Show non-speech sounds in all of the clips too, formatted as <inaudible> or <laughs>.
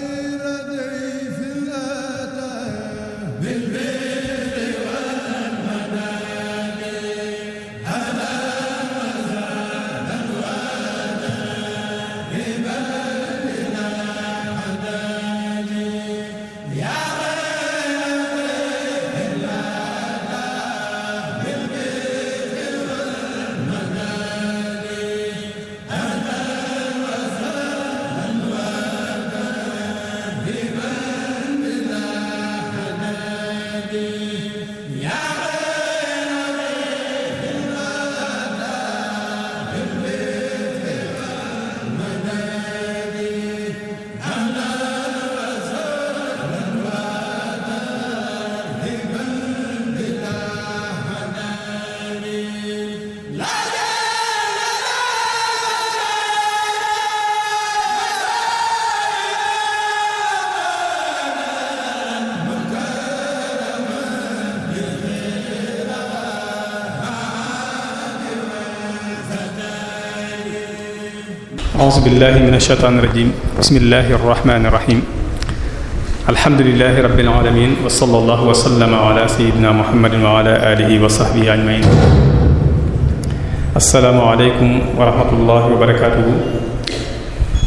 خير دين a'uuzu billahi mina shaytaani rajiim bismillahi rahmaani rahiim alhamdulillahi rabbil aalamiin wa sallallahu wa sallama ala sayyidina muhammadin wa ala aalihi wa sahbihi ajma'iin assalaamu aleykum wa rahmatullahi wa barakaatuhu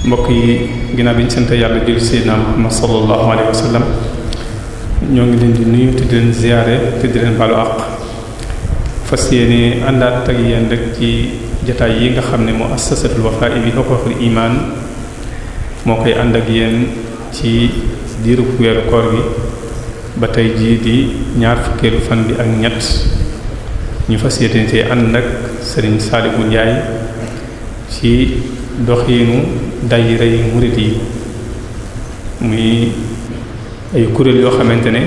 mbokk yi ginnaaw bi ñu sant yàlla jël sayyidina muhammad sallallahu alayhi wa sallam ñoo ngi leen di nuyu te di leen ziyaare te di leen balu àq fas yéene àndaat ak yéen rek ci jataay yi nga xam ne mu assasatul wafa'i bi huquqil iman moo koy ànd ak yéen ci diiru weeru koor gi ba tey jii di ñaar fukkeelu fan bi ak ñett ñu fa yéene ci ànd ak Serigne Saliou Ndiaye ci doxiinu daayira yi murit yi muy ay kuréel yoo xamante ne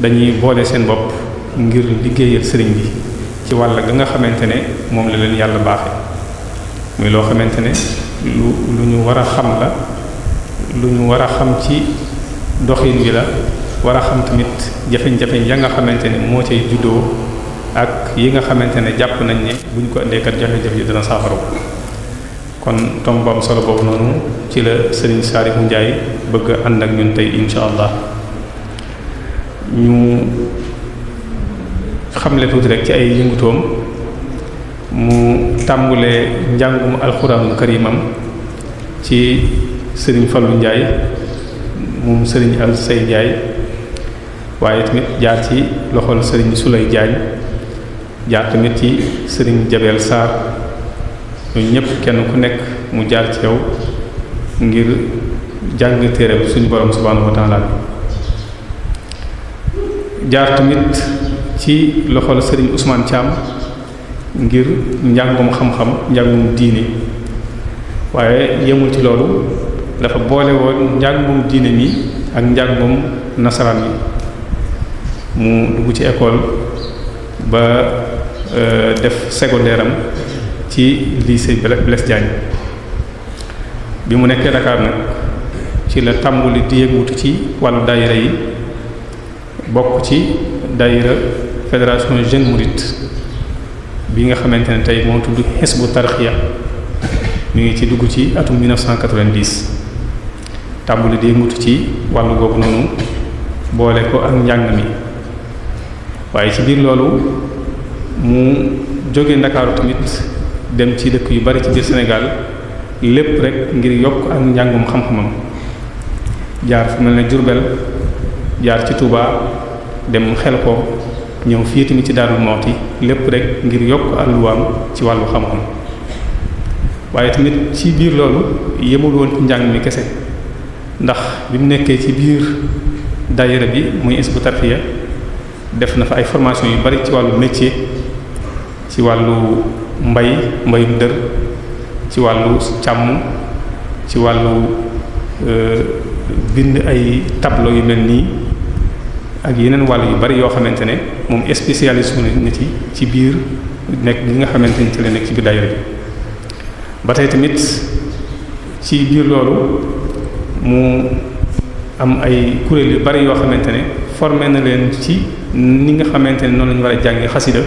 dañuy boole seen bopp ngir liggéeyal sëriñ bi ci wàll ga nga xamante ne moom la leen yàlla baaxe muy loo xamante ne lu lu ñu war a xam la lu ñu war a xam ci doxin bi la war a xam tamit jafe-jafe ya nga xamante ne moo ci juddoo ak yi nga xamante ne jàpp nañ ne buñ ko indee kat jafe-jafe yi dana saafara kon tomb bu solo boobu noonu ci la Serigne bu Ndiaye bëgg ànd ak ñun tey incha allah ñu. xamle tuuti rek ci ay yëngutoom mu tàmbulee njàngum alxuraanul karimam ci sëriñ Fallou njaay moom sëriñ al say Ndiaye waaye tamit jaar ci loxol sëriñ Souley Diagne jaar tamit ci sëriñ Jabel Sarr ñun ñëpp kenn ku nekk mu jaar ci yow ngir jàng téere suñu borom subhaanahu wa jaar tamit ci loxol Serigne Ousmane Thiam ngir njàngum xam-xam njàngum diine waaye yemul ci loolu dafa boole woon njàngum diine mi ak njàngum nasaraan yi mu dugg ci école ba euh, def secondaire am ci lycée Blaise Diagne bi mu nekkee Dakar nag ci la tàmbuli di yëngutu ci wàllu daayira yi bokk ci daayira fédération jeune mouride bi nga xamante ne tey moo tudd Hizbu Tarqiya mi ngi ci dugg ci atum 1990 tàmbali di yëngatu ci wàll googu noonu boole ko ak njàng mi waaye ci biir loolu mu jóge Ndakaaru tamit dem ci dëkk yu bari ci biir Sénégal lépp rek ngir yokk ak njàngum xam-xamam jaar fu mel ne Diourbel jaar ci Touba dem xel ko ñëw fii tamit ci Darou Moukhty lépp rek ngir yokk àlluwaam ci wàllu xam waaye tamit ci biir loolu yemul woon ci njàng mi kese ndax bi mu nekkee ci biir daayira bi muy isbu def na fa ay formation yu bari ci wàllu métier ci wàllu mbay mbayum dër ci wàllu càmm ci wàllu euh, bind ay tablo yu mel nii ak yeneen wàll yu bari yoo xamante ne moom spécialiste wu na ci ci biir nekk li nga xamante ni ci la nekk ci biir tey tamit ci biir loolu mu am ay kuréel yu bari yoo xamante ne formé na leen ci ni nga xamante ne noonu lañu war a jàngi xasida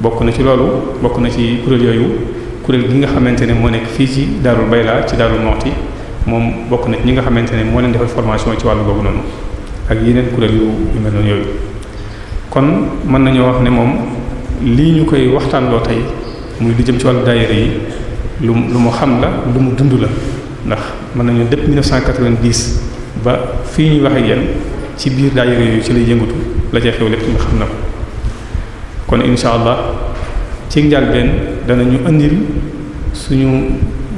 bokk na ci loolu bokk na ci kuréel yooyu kuréel gi nga xamante ne moo nekk fii ci bay laa ci Darou Moukhty moom bokk na ci ñi nga xamante ne moo leen defal formation ci wàll googu noonu ak yeneen kuréel yu mel noonu yooyu kon mën nañoo wax ne moom lii ñu koy waxtaanloo tey muy di jëm ci wàllu daayira yi lu lu mu xam la lu mu dund la ndax mën nañu depuis 1990 ba fii ñuy wax ak ci biir daayira yooyu ci lay yëngatu la cay xew lépp nga xam na ko kon incha allah ci njàlbeen danañu indil suñu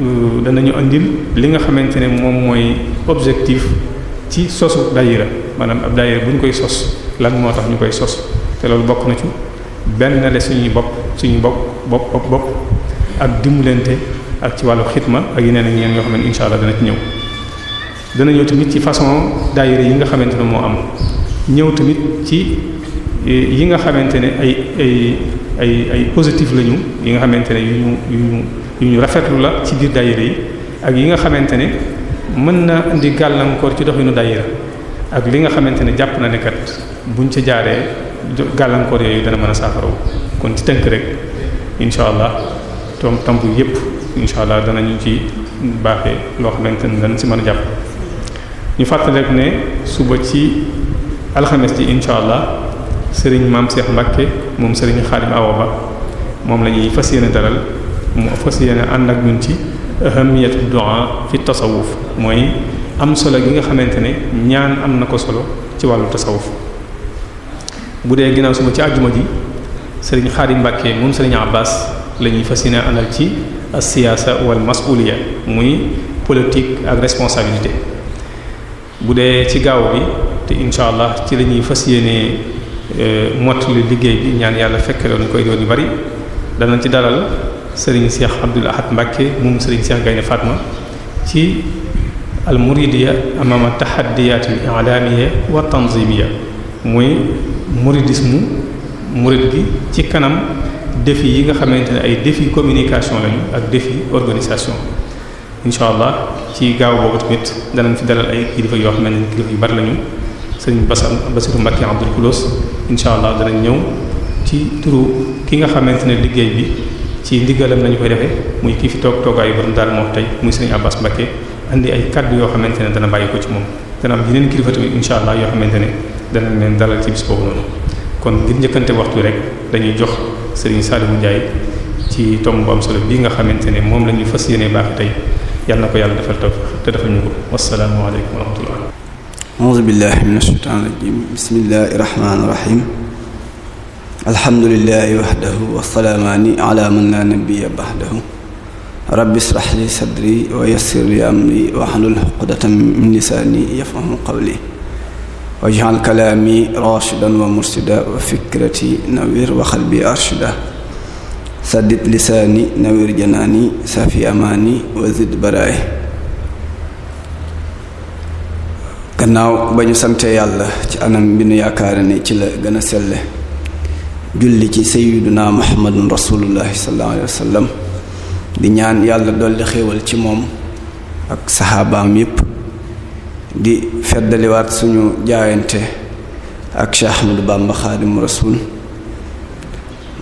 euh, danañu indil li nga xamante ne moom mooy objectif ci sosu daayira maanaam ab daayira bu ñu koy sos lan moo tax ñu koy sos te loolu bokk na ci benn le suñuy bopp suñu bopp bopp bopp bopp ak dimbalante ak ci wàllu xitma ak yeneen ak yeneen yoo xam ne incha dana ci ñëw. dana ñëw tamit ci façon daayira yi nga xamante ne moo am ñëw tamit ci e, yi nga xamante ne ay ay ay ay positif lañu yi nga xamante ne yu ñu yu ñu rafetlu la ci biir daayira yi ak yi nga xamante ne. mën na indi gàllankoor ci doxinu daayira ak li nga xamante ne jàpp na ne bu buñ ci jaaree gàllankoor yooyu dana mën a saafarawu kon ci tënk rek incha allah tom tomb yépp incha allah ñu ci baaxe loo xamante ne dana si mën a jàpp ñu fàttal rek ne suba ci alxames ji incha allah sëriñ maam Cheikh Mbacke moom sëriñ Xaadim awo Ba moom la ñuy fas yéene dalal mu fas yéene ànd ak ñun ci. ahamiyatu du'a fi tasawuf mooy am solo gi nga xamante ne ñaan am na ko solo ci wàllu tasawuf bu dee ginnaaw suma ci àjjuma ji sëriñ Xaadim Mbàkke moom sëriñ Abbas la ñuy fas yéene àndal ci as-siyaasa wal mas'uliya muy politique ak responsabilité bu dee ci gaaw bi te incha allah ci la ñuy fas yéene euh, mottali liggéey bi ñaan yàlla fekk doon koy doon yu bari danañ ci dalal. sëriñ Cheikh Abdoul Ahad Mbacké moom sëriñ Cheikh Gaynde Fatma ci al muridiya amaama taxaddiyaat al i'laamiyya wa tanzimiyya mooy muridisme murid gi ci kanam défi yi nga xamante ne ay défi communication lañu ak défi organisation incha allah ci gaaw boobu tamit danañ fi dalal ay kilifa yoo xam ne kilifa yu bari lañu sëriñ Basa Basiru Mbacké Abdul Kulos incha allah danañ ñëw ci turu ki nga xamante ne liggéey bi. ci ndigalam lañu koy defee muy kii fi toog toogaayu borom daal moo tey muy sëriñ Abbas Mbacke andi ay kaddu yoo xamante ne dana bàyyi ko ci moom dana am yeneen kilifa tamit incha allah yoo xamante ne dana leen dalal ci bis boobu noonu kon ngir njëkkante waxtu rek dañuy jox sëriñ Saliou Ndiaye ci tomb bu am solo bii nga xamante ne moom la ñu fas yéene baax tey yàlla na ko yàlla defal taw te defal ñu ko wasalaamualeykum wa rahmatullah. a'uuzu billahi minash shaytaanir rajiim bismillahir rahmaanir alhamdulillahi wahdahu wasalaamaani ala man laa nabiya baxdahu rabbi israh li sadri wa yassir li amri wahlul uqdatan min lisaani yafqahu qawli waj'al kalaami rashidan wa mursida wa fikrati nawir wa qalbi arshida saddid lisaani nawir janaani safi amaani wa zid baraay gannaaw ba ñu sante yàlla ci anam bi nu yaakaare ni ci la gën a selle julli ci sayyiduna muhammadun rasulullahi sallallahu alayhi wa di ñaan yàlla dolli xéewal ci moom ak saxaabaam yépp di feddaliwaat suñu jaayante ak Cheikh Ahmadou Bamba xaadimu rasul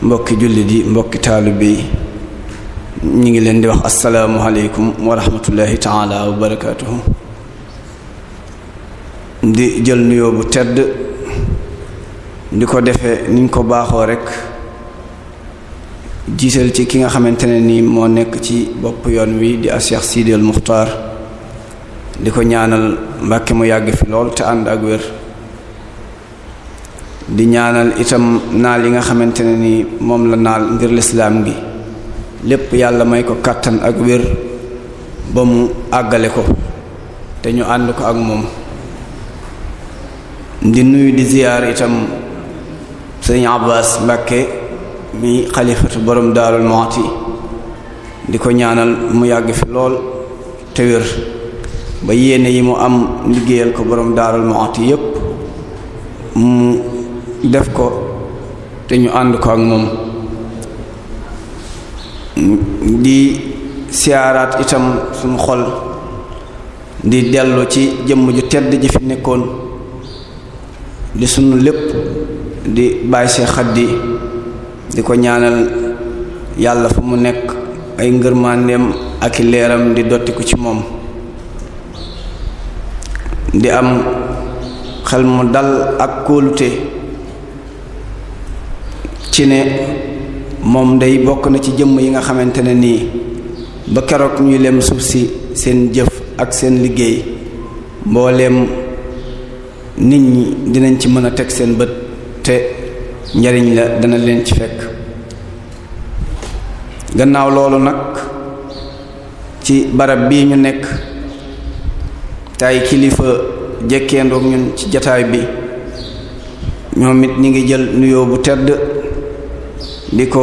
mbokki julli di mbokki taalibe yi ñu ngi leen di wax asalaamualeykum wa rahmatullahi taala wa di jël nuyoo bu tedd di ko defe niñ ko baaxoo rek jiital ci ki nga xamante ne ni moo nekk ci bopp yoon wi di Cheikh Sidi al Muxtaar di ko ñaanal Mbàkke mu yàgg fi lool te ànd ak wér di ñaanal itam naal yi nga xamante ne ni moom la naal ngir lislaam gi lépp yàlla may ko kàttan ak wér ba mu àggale ko te ñu ànd ko ak moom di nuyu di ziyaar itam sëriñ Abbas Mbakke mi xalifatu borom Daaru Muxti di ko ñaanal mu yàgg fi lool te ba yéene yi mu am liggéeyal ko borom daaral Muxti yépp mu def ko te ñu ànd ko ak moom di siyaaraat itam suñu xol di dellu ci jëmm ju tedd ji fi nekkoon di sunu lépp di bàyyi see xaddi di ko ñaanal yàlla fu mu nekk ay ngërmandeem ak i leeram di dottiku ci moom di am xel mu dal ak kóolute ci ne moom day bokk na ci jëmm yi nga xamante ne nii ba keroog ñuy lem suuf si seen jëf ak seen liggéey mbooleem nit ñi dinañ ci mën a teg seen bët te njariñ la dana leen ci fekk gannaaw loolu nag ci barab bii ñu nekk tay kilifa jekkeendoo ñun ci jataay bi ñoom it ñu ngi jël nuyoo bu tedd di ko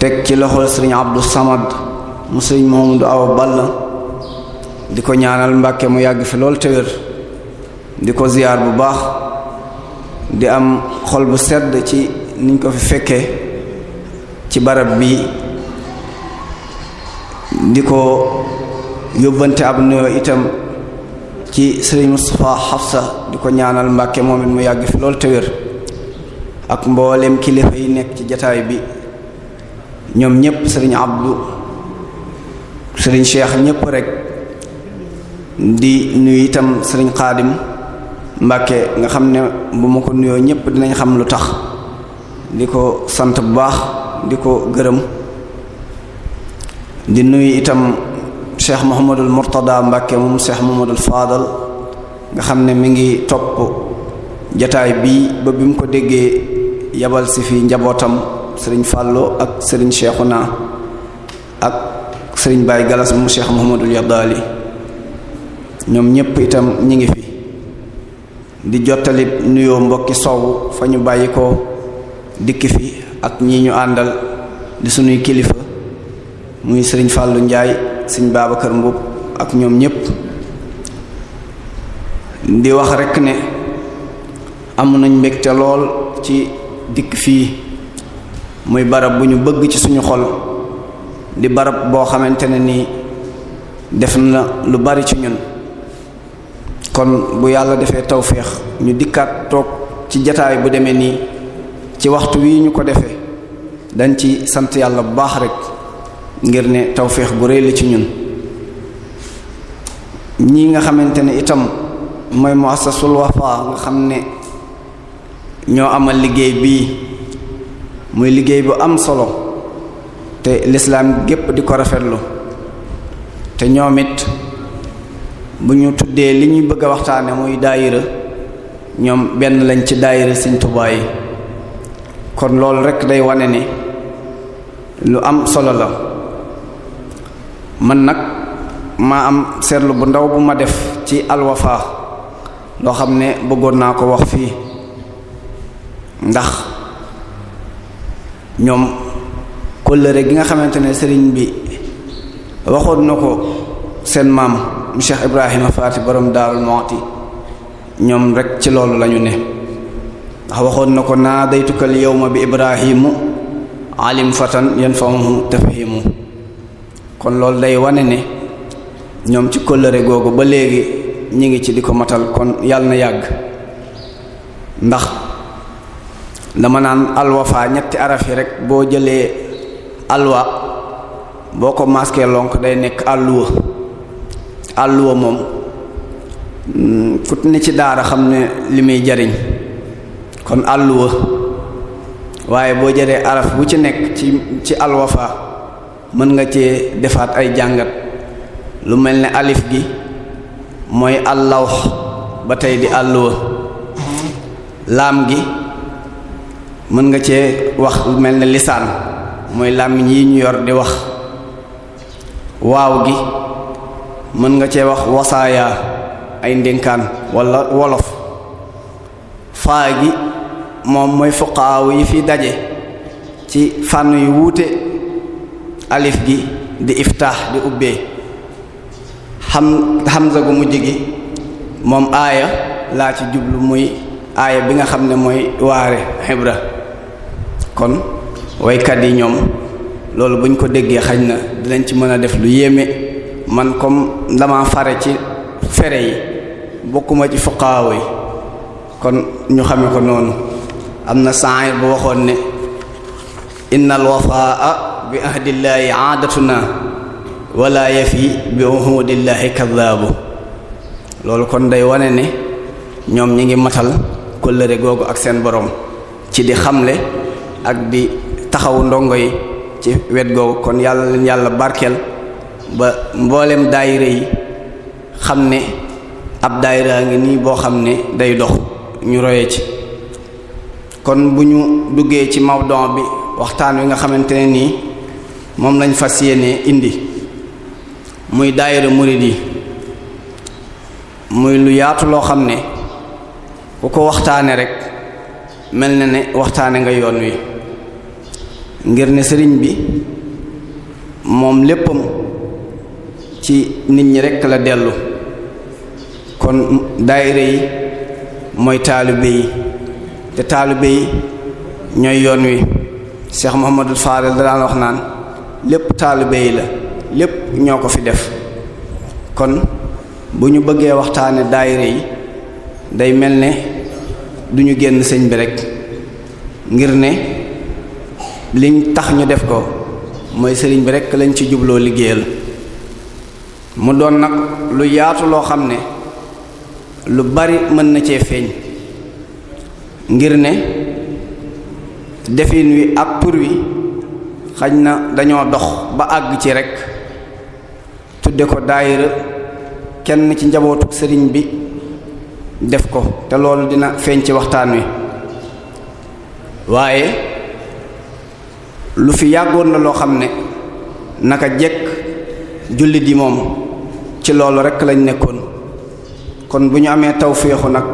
teg ci loxol sëriñ Abdou Samad mu sëriñ Mamadou Awa Balla di ko ñaanal Mbàkke mu yàgg fi lool te di ko ziyaar bu baax di am xol bu sedd ci niñ ko fi fekkee ci barab bi di ko yóbbante ab nuyoo itam ci sëriñ Moustapha Hafsa di ko ñaanal Mbàkke moom it mu yàgg fi loolu te ak mboolem kilifa yi nekk ci jataay bi ñoom ñépp sëriñ Abdou sëriñ Cheikh ñépp rek di nuyu itam sëriñ Xaadim Mbàkke nga xam ne bu ma ko nuyoo ñépp dinañ xam lu tax di ko sant bu baax di ko gërëm di nuyu itam Cheikh Mouhamadul Mourtada Mbàkke moom Cheikh Mouhamadul Fadal nga xam ne mi ngi topp jataay bi ba bi mu ko déggee yabal si fi njabootam sëriñ Fallou ak sëriñ Cheikhouna ak sëriñ baay Galas mu Cheikh Mouhamadul Yadali ñoom ñépp itam ñi ngi fi di jottali nuyoo mbokki soowu fa ñu bàyyi ko dikk fi ak ñii ñu àndal di sunuy kilifa muy sëriñ Fallou Ndiaye sëriñ kër Mboup ak ñoom ñépp di wax rekk ne am nañ mbégte lool ci dikk fii muy barab bu ñu bëgg ci suñu xol di barab boo xamante ne nii def na lu bari ci ñun kon bu yàlla defee tawféex ñu dikkaat toog ci jataay bu demee nii ci waxtu wi ñu ko defee dañ ci sant yàlla bu baax rek ngir ne tawféex bu rëy la ci ñun ñi nga xamante ne itam mooy muassasul wafa nga xam ne ñoo amal liggéey bii muy liggéey bu am solo te lislaam gépp di ko rafetlu te ñoom it bu ñu tuddee li ñuy bëgg a waxtaane muy daayira ñoom benn lañ ci daayira Sëriñ Tuubaa kon loolu rekk day wane ne lu am solo la man nag maa am seetlu bu ndaw bu ma def ci alwafa loo xam ne bëggoon naa ko wax fii ndax ñoom kóllëre gi nga xamante ne sëriñ bi waxoon na ko seen maam Cheikh Ibrahima Faati daal Daarul Muxti ñoom rekk ci loolu lañu ne ndax waxoon na ko naa daytukal yawma bi Ibrahimu alim fatan yanfahu tafhimu kon loolu day wane ne ñoom ci kóllëre googu ba léegi ñi ngi ci di ko matal kon yàlla na yàgg ndax dama naan alwafa ñetti araf yi rek boo jëlee alwa boo ko masqué lonk day nekk alluwa àll moom fut mm, ne ci daara xam ne li muy jariñ kon àll waaye boo jaree araf bu ci nekk ci ci alwafa mën nga cee defaat ay jàngat lu mel ni alif gi mooy àllaw ba tey di àll wa laam gi mën nga cee wax lu mel ni lisaan mooy làmmiñ yi ñu yor di wax waaw gi mën nga cee wax wasaaya ay ndénkaan wala wolof faa gi moom mooy fuqaaw yi fi daje ci fànn yu wuute alif gi di iftaax di ubbee xam hamza gu mujj gi moom aaya laa ci jublu muy aaya bi nga xam ne mooy waare xibra kon woykat yi ñoom loolu buñ ko déggee xaj na dinañ ci mën a def lu yéeme man comme dama fare ci fere yi bokkuma ci fuqaaw yi kon ñu xame ko noonu am na saayir bu waxoon ne inna alwafaa bi ahdillaahi aadatuna wala yafi bi uhudillaahi kadaabu loolu kon day wane ne ñoom ñi ngi matal kóllëre googu ak seen boroom ci di xamle ak di taxawu ndongo yi ci wet googu kon yàlla leen yàlla barkeel ba mboolem daayira yi xam ne ab daayira nga nii boo xam ne day dox ñu roye ci kon bu ñu duggee ci mawdon bi waxtaan wi nga xamante ne nii moom lañ fas yéene indi muy daayira murid yi muy lu yaatu loo xam ne ku ko waxtaane rek mel na ne waxtaane nga yoon wi ngir ne sëriñ bi moom léppam ci nit ñi rekk la dellu kon daayira yi mooy taalibe yi te taalibe yi ñooy yoon wi Cheikh Mouhamadul Faadil da daan wax naan lépp taalibe yi la lépp ñoo ko fi def kon bu ñu bëggee waxtaane daayira yi day mel ne duñu génn sëñ bi rekk ngir ne liñ tax ñu def ko mooy sëriñ bi rekk lañ ci jubloo liggéeyal mu doon nag lu yaatu loo xam ne lu bari mën na cee feeñ ngir ne defin wi ak tur wi xaj na dañoo dox ba àgg ci rekk tudde ko daayira kenn ci njabootu sëriñ bi def ko te loolu dina feeñ ci waxtaan wi waaye lu fi yàggoon la loo xam ne naka jekk jullit yi moom ci loolu rekk lañ nekkoon kon bu ñu amee taw féexu nag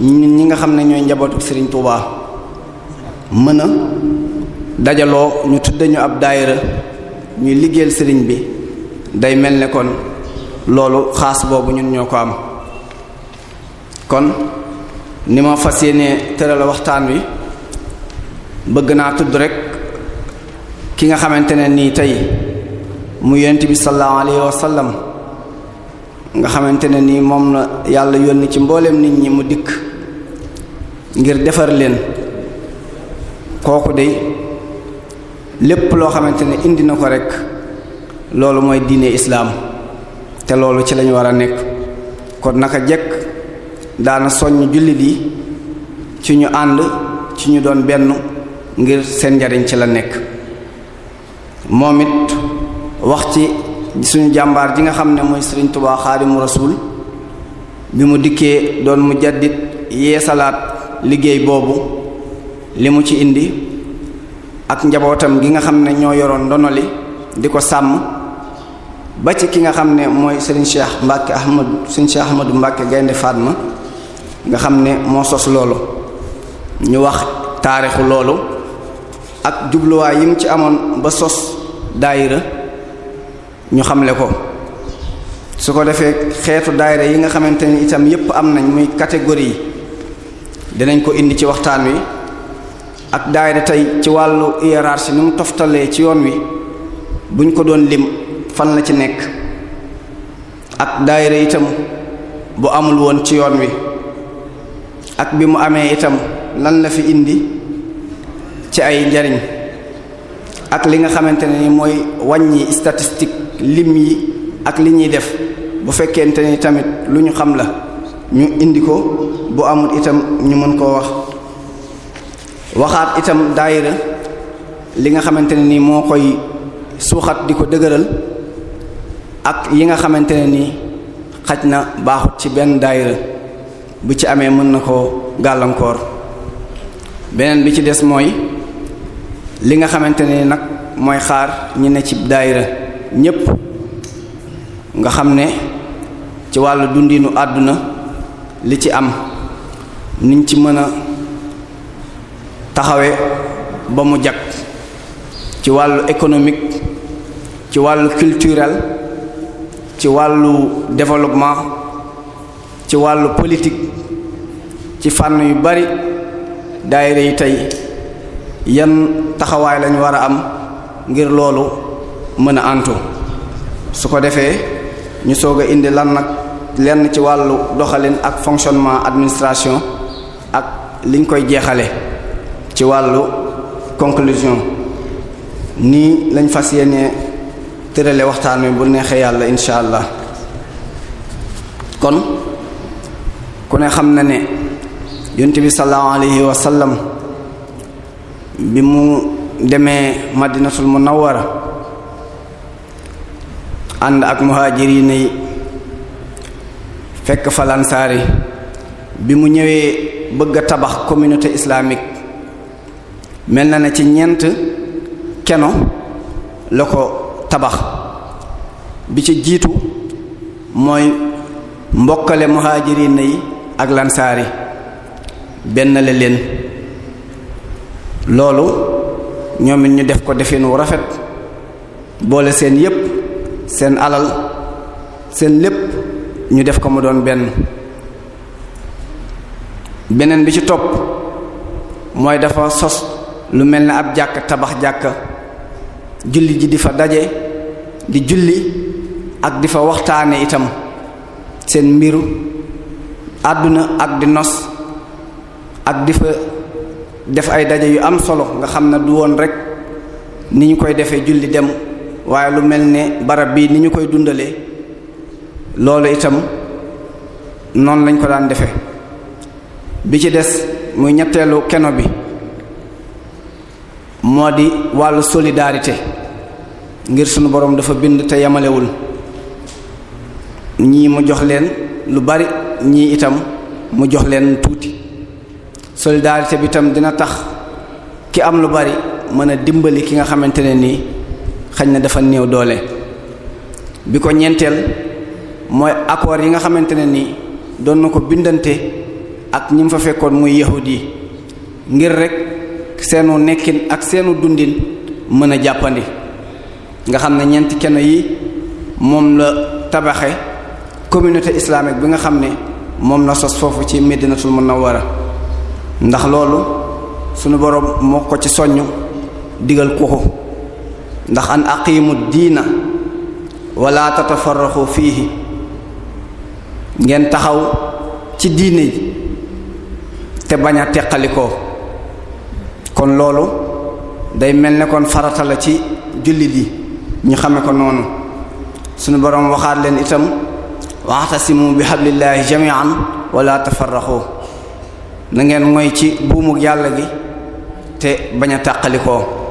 ñun ñi nga xam ne ñooy njabootu sëriñ Touba mën a dajaloo ñu tudde ñu ab daayira ñuy liggéeyal sëriñ bi day mel ne loolu xaas boobu ñun ñoo ko am kon ni ma fas yéenee tëral waxtaan wi bëgg naa tudd rekk ki nga xamante ne nii tey mu yonent bi sallallahu alayhi wa sallam nga xamante ne ni moom na yàlla yónni ci mbooleem nit ñi mu dikk ngir defar leen kooku de lépp loo xamante ne indi na ko rek loolu mooy diine islaam te loolu ci lañu war a nekk kon naka jekk daana soññ jullit yi ci ñu ànd ci ñu doon benn ngir seen njariñ ci la nekk moom it wax suñu jàmbaar ji nga xam ne mooy Serigne Touba Xaadimu Rasuul bi mu dikkee doon mu jaddit salaat liggéey boobu li mu ci indi ak njabootam gi nga xam ne ñoo yoroon ndono li di ko sàmm ba ci ki nga xam ne mooy Serigne Cheikh Mbacke Ahmadou Gaynde Fatma nga xam ne moo sos loolu ñu wax taarixu loolu ak jubluwaay yi mu ci amoon ba sos daayira ñu xamle ko su ko defee xeetu daayira yi nga xamante ni itam yépp am nañ muy catégorie yi dinañ ko indi ci waxtaan wi ak daayira tey ci wàllu hiérarchie ni mu toftalee ci yoon wi buñ ko doon lim fan la ci nekk ak daayira itam bu amul woon ci yoon wi ak bi mu amee itam lan la fi indi ci ay njariñ ak li nga xamante ne ni mooy waññi statistique lim yi ak li ñuy def bu fekkente ni tamit lu ñu xam la ñu indi ko bu amul itam ñu mën koo wax waxaat itam daayira li nga xamante ne ni moo koy suuxat di ko dëgëral ak yi nga xamante ne ni xaj na baaxut ci benn daayira bu ci amee mën na koo gàllankoor beneen bi ci des mooy li nga xamante ne ni nag mooy xaar ñi ne ci daayira ñépp nga xam ne ci wàllu dundinu àdduna li ci am niñ ci mën a taxawe ba mu jag ci wàllu économique ci wàllu culturel ci wàllu développement ci wàllu politique ci fànn yu bari daayira yi tey yan taxawaay lañ war a am ngir loolu mën a antu su ko defee ñu soog a indi lan nag lenn ci wàllu doxalin ak fonctionnement administration ak liñ koy jeexale ci wàllu conclusion nii lañ fas yéenee tërale waxtaan wi bu neexee yàlla incha allah kon ku ne xam na ne yonent bi alayhi wa sallam bi mu demee madinatul wara ànd ak muhaajiriin yi fekk fa lansaari bi mu ñëwee bëgg a tabax communauté islaamik mel na na ci ñeent keno la ko tabax bi ci jiitu mooy mbokkale muhaajiriin yi ak lansaari benn la leen loolu ñoom ñu def ko defin wu rafet boole seen yépp seen alal seen lépp ñu def ko mu doon benn beneen bi ci topp mooy dafa sos lu mel ne ab jàkka tabax jàkka julli ji di fa daje di julli ak di fa waxtaane itam seen mbiru àdduna ak di nos ak di fa def ay daje yu am solo nga xam na du woon rek ni ñu koy defee julli dem waaye lu mel ne barab bi ni ñu koy dundalee loolu itam noonu lañ ko daan defe bi ci des muy ñetteelu keno bi moo di wàllu solidarité ngir sunu borom dafa bind te yemalewul ñii mu jox leen lu bari ñii itam mu jox leen tuuti solidarité bi itam dina tax ki am lu bari mën a dimbali ki nga xamante ne nii xaj na dafa néew doole bi ko ñeenteel mooy accord yi nga xamante ne ni doon na ko bindante ak ñi fa fekkoon muy yahud yi ngir rek seenu nekkin ak seenu dundin mën a jàppandi nga xam ne ñeenti kenn yi moom la tabaxe communauté islamique bi nga xam ne moom la sos foofu ci Medinatul Munawwara ndax loolu sunu boroom moo ko ci soññ digal ko ndax an aqimu diina wala tatafarraxu fiihi ngeen taxaw ci diine te bañ a teqalikoo kon loolu day mel ne kon farata la ci jullit yi ñu xame ko noonu suñu boroom waxaat leen itam waxtasimu bi hablillahi jamian wala tafarraxu na ngeen moy ci buumu yàlla gi te bañ a tàqalikoo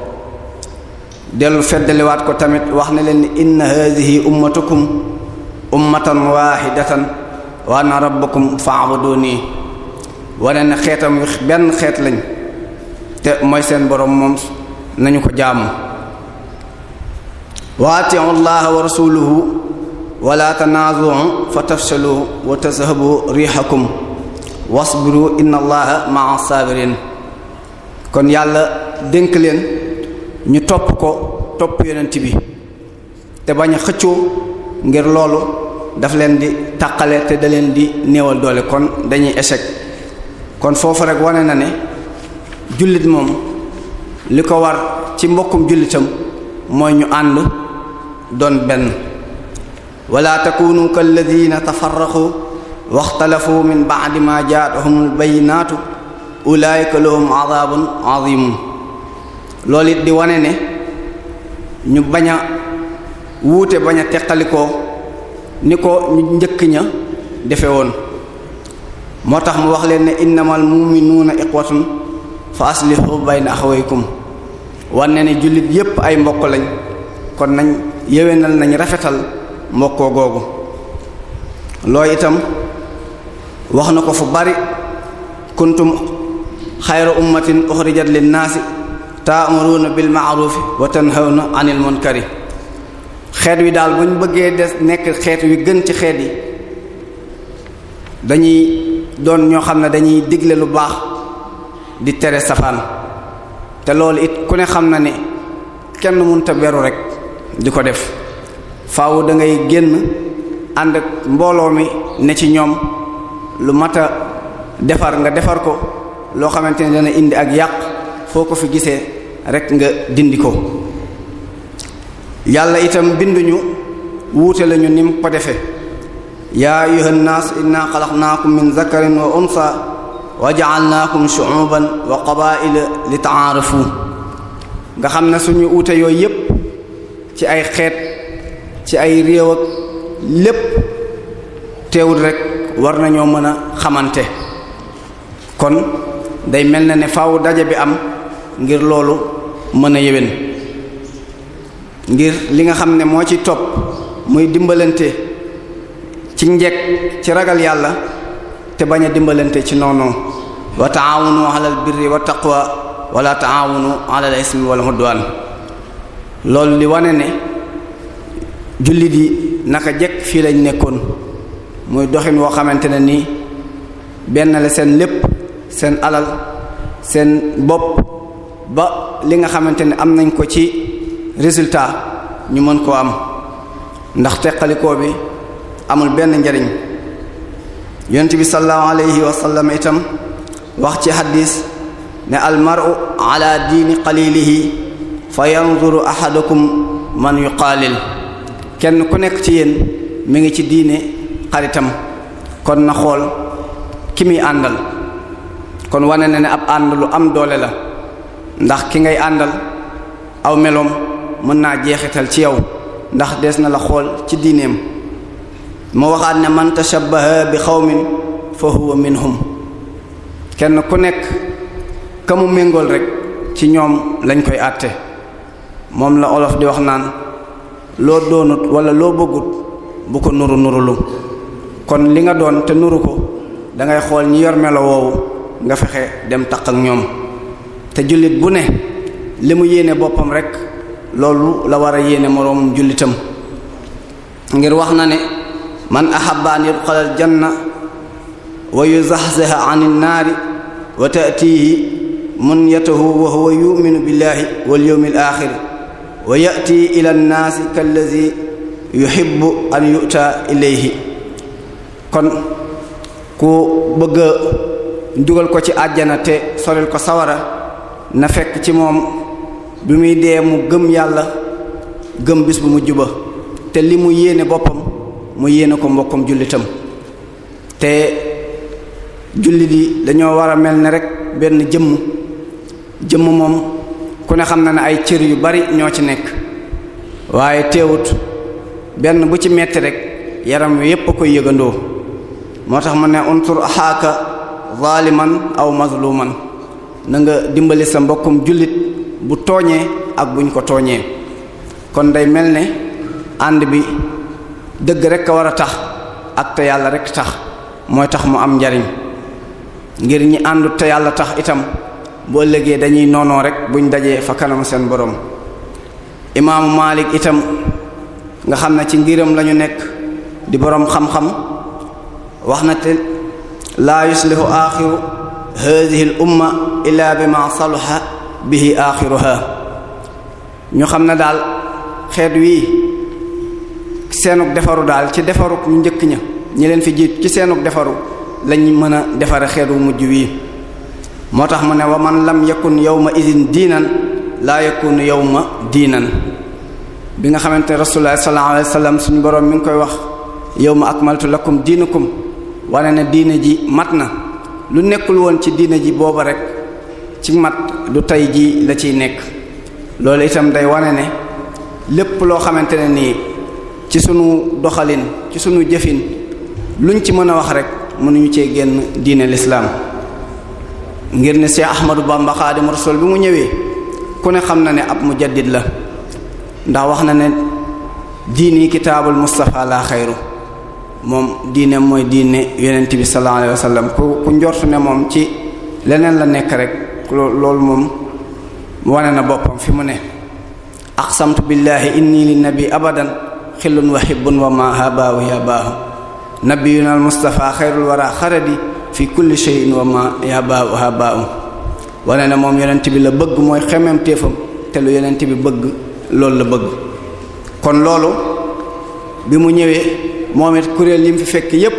dellu feddaliwaat ko tamit wax ne leen ni inna hadihi ummatukum ummatan wahidatan wa ana rabbukum fa'buduni wane ne xeetam benn xeet lañ te mooy seen borom moom nañu ko jaamu wa atiu llaha wa rasuluhu wala tanaazu fa tafshalu wa tazhabu rihakum wasbiru inna allaha ma'a sabirin kon yàlla dénk leen ñu topp ko topp yonent bi te bañ a xëccoo ngir loolu daf leen di taqale te da leen di néewal doole kon dañuy échec kon foofu rek wane na ne jullit moom li ko war ci mbokkum jullitam mooy ñu ànd doon benn wala takunu kalladina tafarraqu waxtalafu min ba'di ma jaatuhumul bayyinaatu ulaayika lahum adabun azimun loolu it di wane ne ñu bañ a wuute bañ a teqalikoo ni ko ñu njëkk ña defe woon moo tax mu wax leen ne innamal mu'minuuna iqwatun fa aslihu bayna axawaykum wane ne jullit yépp ay mbokk lañ kon nañ yewenal nañ rafetal mbokkoo googu looy itam wax na ko fu bari kuntum xayra ummatin uxrijat linnaasi taamuruuna bil ma'rufi wa tanhawna anil kari xeet wi daal bu ñu bëggee des nekk xeet wi gën ci xeet yi dañuy doon ñoo xam ne dañuy digle lu baax di tere safaan te loolu it ku ne xam na ne kenn munta beru rek di ko def faaw da ngay génn ànd mbooloo mi ne ci ñoom lu mat a defar nga defar ko loo xamante ne dana indi ak yàq foo ko fi gisee rekk nga dindi ko yàlla itam binduñu wuute lañu nim ko defe yaa ayyuhan naas inna xalaqnaakum min zakarin wa unsa wa ja'alnaakum shu'uban wa qabaa'ila li ta'aarafu nga xam na suñu wuute yooyu yépp ci ay xeet ci ay réew lépp teewul rekk war nañoo mën a xamante kon day mel na ne faaw daje bi am ngir loolu mën a yéwén ngir li nga xam ne moo ci topp muy dimbalante ci njekk ci ragal yàlla te bañ a dimbalante ci noonu wa taawunu alal birri wa taqwa wala taawunu alal ismi wal udwan loolu li wane ne jullit yi naka jekk fii lañ nekkoon muy doxin woo xamante ne nii benn la seen lépp seen alal seen bopp ba li nga xamante ne am nañ ko ci résultat ñu mën koo am ndax teqalikoo bi amul benn njariñ yont bi sallallahu alayhi wa itam wax ci xadis ne almaru ala diini qalilihi fa yanzuru ahadukum man yuqaalil kenn ku nekk ci yéen mi ngi ci diine xaritam kon na xool ki muy àndal kon wane na ne ab ànd lu am doole la ndax ki ngay àndal aw meloom mën naa jeexital ci yow ndax des na la xool ci diineem mu waxaat ne man tashabbaha bi xawmin fa huwa minhum kenn ku nekk ka méngool rekk ci ñoom lañ koy àtte moom la olof di wax naan loo doonut wala loo bëggut bu ko nuru nurulu kon li nga doon te nuru ko dangay xool ñi yor melo woowu nga fexe dem taq ak ñoom te jullit bu ne li mu yéene boppam rek loolu la war a yéene moroomum jullitam ngir wax na ne man ahabba an yudxalal janna wa yuzahzaha anil naari wa taatihi munyatuhu wa huwa yuminu billahi ilayhi kon ku bëgga dugal ko ci àjjana te soril ko sawara na fekk ci moom bi muy dee mu gëm yàlla gëm bis bu mu juba te li mu yéene boppam mu yéene ko mbokkum jullitam te jullit yi dañoo war a mel ne rek benn jëmm jëmm moom ku ne xam na ne ay cër yu bari ñoo ci nekk waaye teewut benn bu ci metti rek yaram wi yépp a koy yëgandoo moo tax mu ne unsur axaaka zaliman aw mazluman na nga dimbali sa mbokkum jullit bu tooñee ak buñ ko tooñee kon day mel ne ànd bi dëgg rek a war a tax ak te yàlla rek tax mooy tax mu am njariñ ngir ñi àndut te yàlla tax itam boo ëllëgee dañuy noonoo rek buñ dajee fa kanam seen borom imaamu Malik itam nga xam ne ci ngiram lañu nekk di borom xam-xam wax na te laa yuslihu axiru hadihi al umma illa bi salaha bihi axiruha ñu xam na daal xeet wii seenug defaru daal ci defaruk ñu njëkk ña ñi leen fi jiit ci seenug defaru lañ mën a defare xeetu mujj wii moo tax mu ne wa man lam yakun yawma idin diinan laa yakunu yawma diinan bi nga xamante ne rasulullah sallallahu alayhi suñu borom mi ngi koy wax ak akmaltu lakum diinakum wane na diina ji mat na lu nekkul woon ci diina ji booba rek ci mat du tey ji la ciy nekk loolu itam day wane ne lépp loo xamante ne nii ci sunu doxalin ci sunu jëfin luñ ci mën a wax rek mënuñu cee génn diine lislaam ngir ne Cheikh Ahmadou Bamba Xaadimu Rasuul bi mu ñëwee ku ne xam na ne ab mujaddid la ndax wax na ne diini kitaabul Mustafa la xayru moom diine mooy diine yonent bi sallallahu alayhi wasallam ku ku njortu ne moom ci leneen la nekk rek loolu moom wane na boppam fi mu ne aqsamtu billahi inni li nabi abadan xillun wa hibbun wa ma habaahu yabaahu nabiyuna almustafa xayrul wara xaradi fi kulli shay'in wa ma yabaahu habaahu wane na moom yonent bi la bëgg mooy xemem téefam te lu yonent bi bëgg loolu la bëgg kon loolu bi mu ñëwee moom it kuréel yi mu fi fekk yépp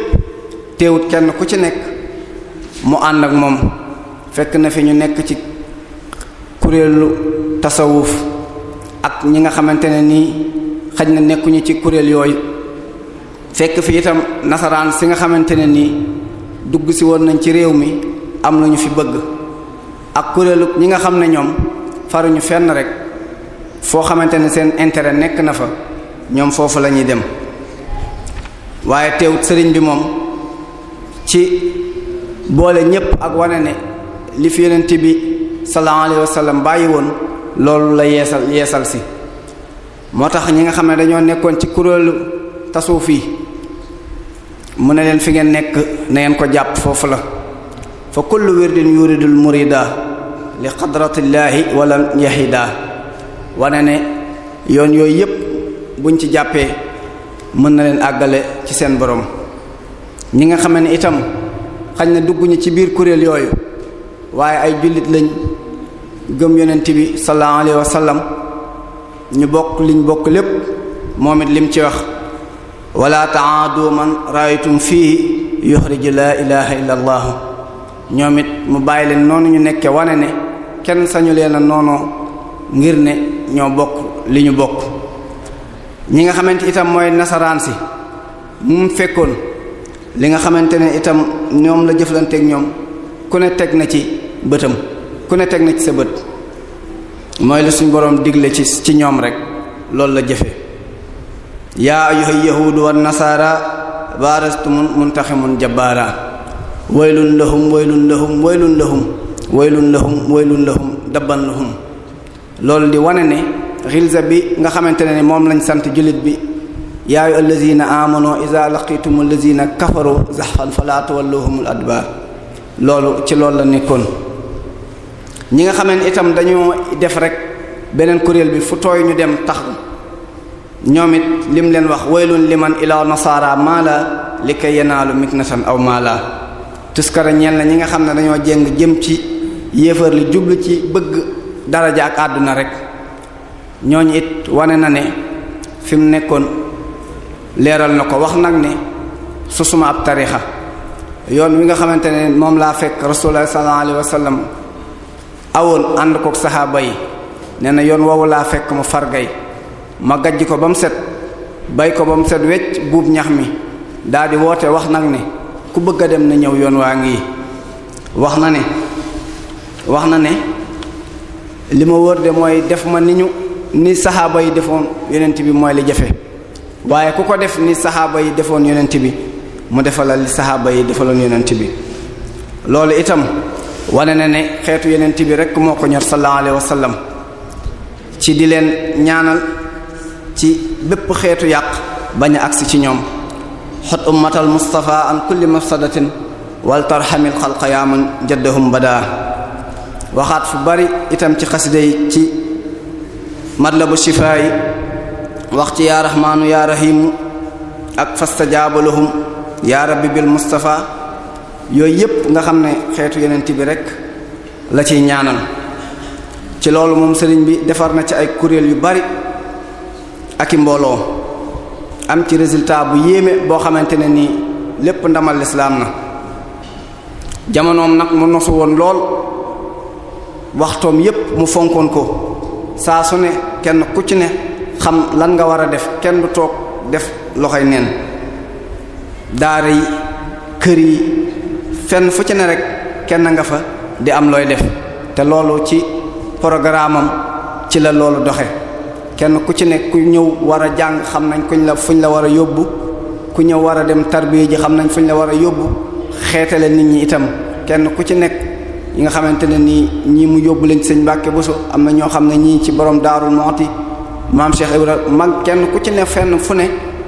teewut kenn ku ci nekk mu ànd ak moom fekk na fi ñu nekk ci kuréelu tasawuf ak ñi nga xamante ne nii xaj na nekkuñu ci kuréel yooyu fekk fi itam nasaraan si nga xamante ne nii dugg si woon nañ ci réew mi am lu fi bëgg ak kuréelu ñi nga xam ne ñoom faruñu fenn rek foo xamante ne seen intérêt nekk na fa ñoom foofu lañuy dem waaye teewut sëriñ bi moom ci boole ñépp ak wane ne li fi yonent bi sallallahu alayhi wasallam bàyyi woon loolu la yeesal yeesal si moo tax ñi nga xam ne dañoo nekkoon ci kuréelu tasuuf yi mu ne leen fi ngeen nekk na ngeen ko jàpp foofu la fa kullu wirdin yuridul murida li qadratillaahi wala yahidaa wane ne yoon yooyu yépp buñ ci jàppee mën na leen àggale ci seen boroom ñi nga xam ni itam xañ na dugguñu ci biir kuréel yooyu waaye ay jullit lañ gëm yonent bi sallallahu alayhi wa ñu bokk liñ bokk lépp moom it lim ci wax wala taadu man raaytum fii yuxriju laa ilaha illa ñoom it mu bàyyi leen noonu ñu nekke wane ne kenn sañu leen a noonoo ngir ne ñoo bokk li ñu bokk ñi nga xamante itam mooy nasaraan si mu fekkoon li nga xamante ne itam ñoom la teg ñoom ku ne teg na ci bëtam ku ne teg na ci sa bët mooy la suñ boroom digle ci ci ñoom rek loolu la jëfe yaa ayyuhal yahuudu wan nasaara baarastumun muntaximun jabbaara waylun lahum waylun lahum waylun lahum waylun lahum waylun lahum dabban lahum loolu di wane ne xilza bi nga xamante ne ni moom lañ sant jullit bi yaayu allazina amanu iza laqitum allazina kafaru zahfan fala tuwalluhumul loolu ci lool la nekkoon ñi nga xamee ne itam dañoo def rek beneen kuréel bi fu tooy ñu dem tax ñoom it lim leen wax waylun liman ila nasara mala li kay yanaalu miknatan aw mala tuskara ñeel na ñi nga xam ne dañoo jéng jëm ci yéefar li jublu ci bëgg daraja ak àdduna rek ñooñ it wane na ne fi mu nekkoon leeral na ko wax nag ne susuma ab tarixa yoon wi nga xamante ne moom laa fekk rasulullah sallallahu alayhi awoon ànd kook saxaaba yi nee na yoon woowu laa fekk mu fargay ma gàjj ko ba mu set bay ko ba mu set wecc buub ñax mi daldi woote wax nag ne ku bëgg a dem na ñëw yoon waa ngi wax na ne wax na ne li ma wër de mooy def ma ni ñu ni saxaaba yi defoon yonent bi mooy li jafe waaye ku ko def ni saxaaba yi defoon yonent bi mu defalal saxaaba yi defaloon yonent bi loolu itam wane na ne xeetu yonent bi rek moo ko ñor sallallahu alayhi wa sallam ci di leen ñaanal ci bépp xeetu yàq bañ a agsi ci ñoom xot ummatal mustafa an kulli mafsadatin wal tarhamil xalqa yaaman jaddahum badaa waxaat fu bari itam ci xasida yi ci matlabu shifaayi wax ci yaa raxmaanu yaa raxiimu ak fastajaaba lahum yaa rabbi bil mustafa yooyu yépp nga xam ne xeetu yenent bi rek la ciy ñaanal ci loolu moom sëriñ bi defar na ci ay kuréel yu bari ak i mbooloo am ci résultat bu yéeme boo xamante ne nii lépp ndamal lislaam na jamonoom nag mu nosu woon lool waxtoom yépp mu fonkoon ko saa su ne kenn ku ci ne xam lan nga war a def kenn du toog def loxoy neen daara yi kër yi fenn fu ci ne rek kenn nga fa di am looy def te loolu ci programme am ci la loolu doxe kenn ku ci ne ku ñëw war a jàng xam nañ kuñ la fuñ la war a yóbbu ku ñëw war a dem tarbiya ji xam nañ fuñ la war a yóbbu xeetale nit ñi itam kenn ku ci nekk yi nga xamante ne nii ñii mu yóbbu leen ci sëñ Mbàkke Bousso am na ñoo xam ne ñii ci borom Daaru yi maam seex Ibra mag kenn ku ci ne fenn fu ne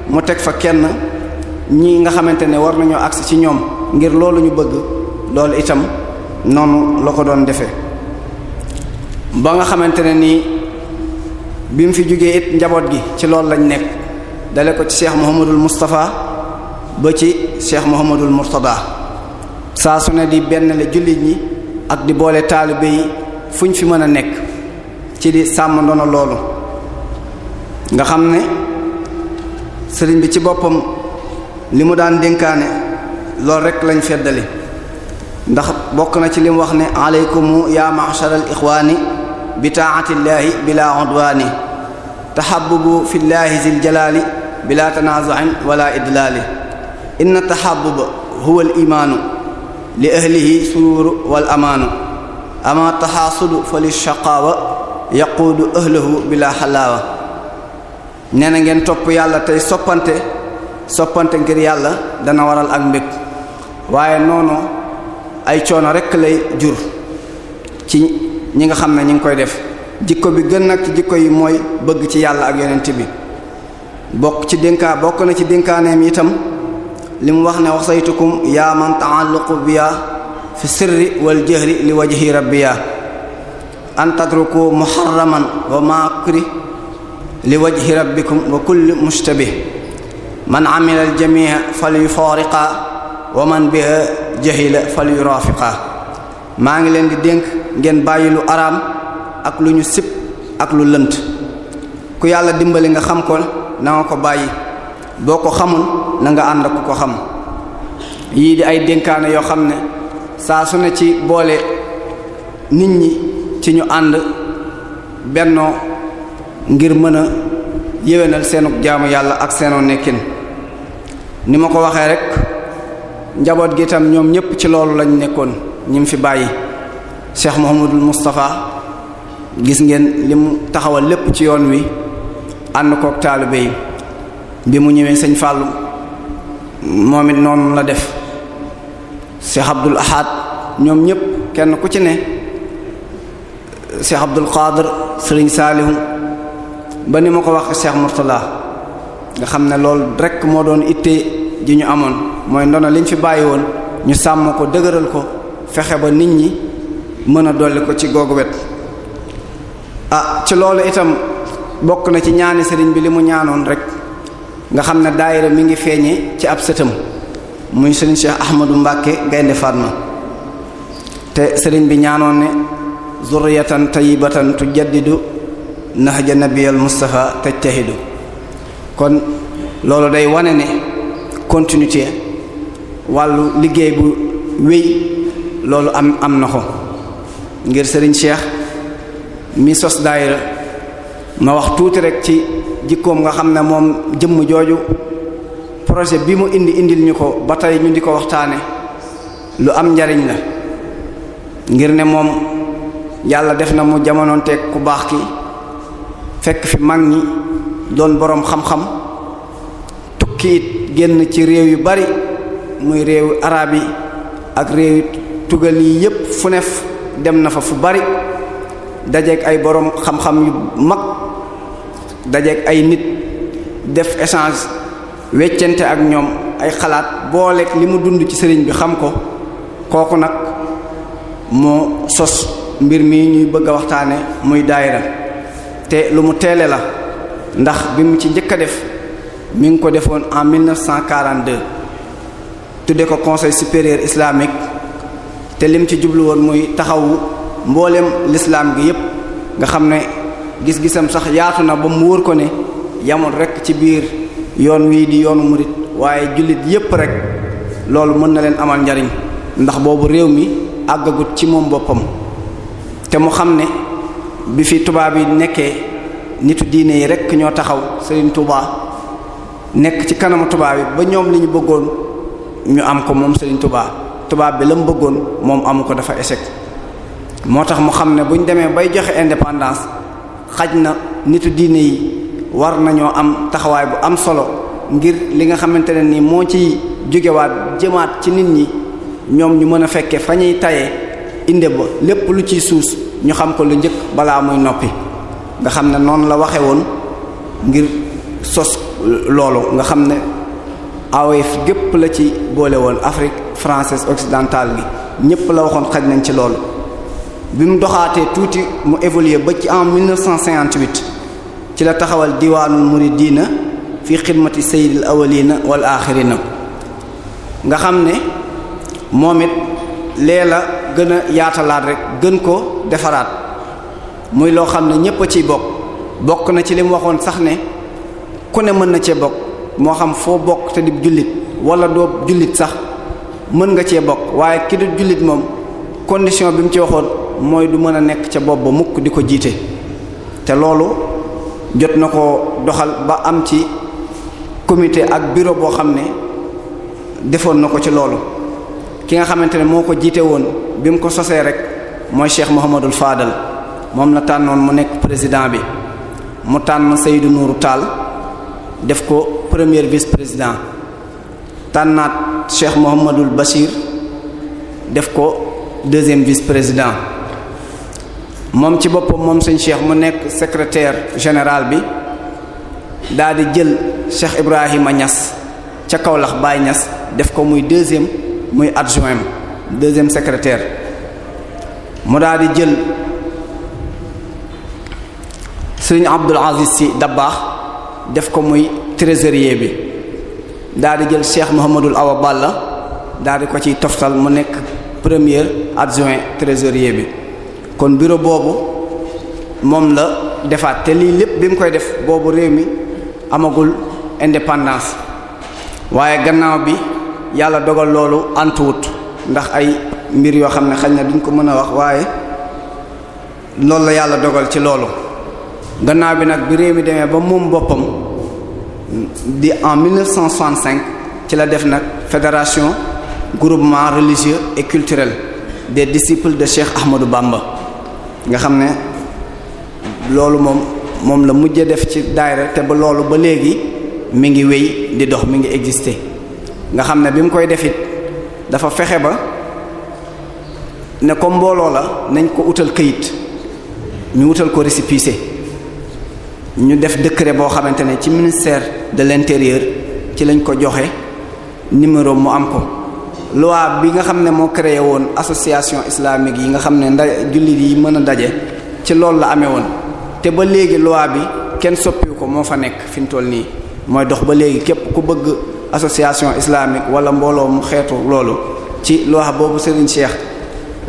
mu teg fa kenn ñii nga xamante ne war nañoo agsi ci ñoom ngir loolu ñu bëgg loolu itam noonu la ko doon defee ba nga xamante ne nii bi mu fi jógee it njaboot gi ci loolu lañ nekk dale ko ci Cheikh Mouhamadul Moustapha ba ci Cheikh Mouhamadul Mourtada saa su ne di benn la jullit ñi ak di boole taalibe yi fu ñu fi mën a nekk ci di sàmm ndono loolu nga xam ne sëriñ bi ci boppam li mu daan dénkaane loolu rek lañ feddali ndax bokk na ci li wax ne aleykumu ya ma'sharal ixwaani bi taatillaahi bila udwaani taxabubu fillaahi zil jalaali bila tanaazuin wala idlaali inna taxabuba huwa al li ahlihi suruur wal amaanu ama taxaasudu fa li yaquudu ahlahu bila xalaawa nee na ngeen topp yàlla tey soppante soppante ngir yàlla dana waral ak mbég waaye noonu ay coono rekk lay jur ci ñi nga xam ne ñi ngi koy def jikko bi gën nag jikko yi mooy bëgg ci yàlla ak yonent bi bokk ci dénkaa bokk na ci dénkaaneem itam li mu wax ne wax saytukum yaa man ta'alluqu biya fi sirri wal jahri li wajhi rabbiya an tatruku muharraman wa makri li wajhi rabbikum wa kulli mushtabih man amila al jami'a falyufariqa wa man biha jahila falyurafiqa maa ngi leen di dénk ngeen bàyyi lu araam ak lu ñu sib ak lu lënt ku yàlla dimbali nga xam ko na ko bàyyi boo ko xamul nanga nga ànd ak ko xam yii di ay dénkaane yoo xam ne saa su ne ci boole nit ñi ci ñu ànd bennoo ngir mën a yéwénal seenu jaamu yàlla ak seenoo nekkin ni ma ko waxee rekk njaboot gi itam ñoom ñépp ci loolu lañ nekkoon ñi mu fi bàyyi Cheikh Mouhamadul Moustapha gis ngeen li mu taxawal lépp ci yoon wi ànd kook taalibe yi bi mu ñëwee sëñ Fallou moom it noonu la def Cheikh Abdul Ahad ñoom ñëpp kenn ku ci ne Cheikh Abdul Qadir Serigne Saalihu ba ni ma ko wax Cheikh Murtala nga xam ne lool rek moo doon ittee ji ñu amoon mooy ndono liñ fi bàyyi woon ñu sàmm ko dëgëral ko fexe ba nit ñi mën a dolli ko ci googu wet ah ci loolu itam bokk na ci ñaani sëriñ bi li mu ñaanoon rek nga xam ne daayira mi ngi feeñee ci ab sëtam muy sëriñ Cheikh Ahmadou Mbacke Gaynde Fatma te sëriñ bi ñaanoon ne zurriyatan tayyibatan tujaddidu nahja nabiyal Mustafa tajtahidu kon loolu day wane ne continuité wàllu liggéey bu wéy loolu am am na ko ngir sëriñ Cheikh mi sos daayira ma wax tuuti rek ci jikkoom nga xam ne moom jëmm jooju projet bi mu indi indi ñu ko ba tey ñu di ko waxtaane lu am njariñ la ngir ne moom yàlla def na mu jamonoonteeg ku baax ki fekk fi mag ñi doon boroom xam-xam tukki it génn ci réew yu bari muy réew araab yi ak réew tugal yi yépp fu nef dem na fa fu bari dajeek ay boroom xam-xam yu mag dajeek ay nit def échange weccante ak ñoom ay xalaat booleeg li mu dund ci sëriñ bi xam ko kooku nag moo sos mbir mi ñuy bëgg a waxtaane muy daayira te lu mu teele la ndax bi mu ci njëkk a def mu ngi ko defoon en 1942 tudde ko conseil supérieur islamique te lim ci jubluwoon woon muy taxawu mboolem lislaam gi yépp nga xam ne gis-gisam sax yaatu na ba mu wër ko ne yamul rekk ci biir yoon wii di yoonu murit waaye jullit yépp rek loolu mën na leen amal njariñ ndax boobu réew mi àggagut ci moom boppam te mu xam ne bi fi tubaab yi nekkee nitu diine yi rek ñoo taxaw Serigne Touba nekk ci kanamu tubaab yi ba ñoom li ñu bëggoon ñu am ko moom Serigne Touba tubaab bi la mu bëggoon moom amu ko dafa échec moo tax mu xam ne bu ñu demee bay joxe indépendance xaj na nitu diine yi war nañoo am taxawaay bu am solo ngir li nga xamante ne ni moo ciy jugewaat jëmaat ci nit ñi ñoom ñu mën a fekke fa ñuy tayee inde ba lépp lu ci suus ñu xam ko lu njëkk balaa muy noppi nga xam ne noonu la waxe woon ngir sos loolu nga xam ne AOF gépp la ci boole woon Afrique française occidentale bi ñépp la waxoon xaj nañ ci lool bi mu doxaatee tuuti mu évolué ba ci en 1958 ci la taxawal diwaanul muridina fi xidmati sayyidil awalina wal axirina nga xam ne moom it lee la gën a yaatalaat rek gën ko defaraat muy loo xam ne ñépp a ciy bokk bokk na ci li mu waxoon sax ne ku ne mën na cee bokk moo xam foo bokk te di jullit wala doo jullit sax mën nga cee bokk waaye ki du jullit moom condition bi mu ci waxoon mooy du mën a nekk ca bopp ba mukk di ko jiite te loolu jot na ko doxal ba am ci comité ak bureau boo xam ne defoon na ko ci loolu ki nga xamante ne moo ko jiite woon bi mu ko sosee rek mooy Cheikh Mouhamadul Fadal moom la tànnoon mu nekk président bi mu tànn Seydou nuru taal def ko premier vice président tànnaat Cheikh Mouhamadul Bachir def ko deuxième vice président moom ci boppam moom sëñ Cheikh mu nekk secrétaire général bi daal di jël Cheikh Ibrahima Niass ca kawlax Baye Niass def ko muy deuxième muy adjoint deuxième secrétaire mu daal di jël sëñ Abdul Aziz Sy Dabakh def ko muy trésorier bi daal di jël Cheikh Mouhamadul Awa Balla daal di ko ciy toftal mu nekk premier adjoint trésorier bi. kon bureau boobu moom la defaat te lii lépp bi mu koy def boobu réew mi amagul indépendance waaye gannaaw bi yàlla dogal loolu antuwut ndax ay mbir yoo xam ne xañ na duñ ko mën a wax waaye loolu la yàlla dogal ci loolu gannaaw bi nag bi réew mi demee ba moom boppam di en 1965 ci la def nag fédération groupement religieux et culturel des disciples de Cheikh Ahmadou Bamba nga xam ne loolu moom moom la mujj def ci daayira te ba loolu ba léegi mi ngi wéy di dox mi ngi existe nga xam ne bi mu koy defit dafa fexe ba ne ko mbooloo la nañ ko utal kayit ñu wutal ko récépissé ñu def décret boo xamante ne ci ministère de l'intérieur ci lañ ko joxe numéro mu am ko loi bi nga xam ne moo créé woon association islamique yi nga xam ne nda jullit yi mën a daje ci loolu la amee woon te ba léegi loi bi kenn soppiwu ko moo fa nekk fi mu toll nii mooy dox ba léegi képp ku bëgg association islamique wala mbooloo mu xeetu loolu ci loi boobu Serigne Cheikh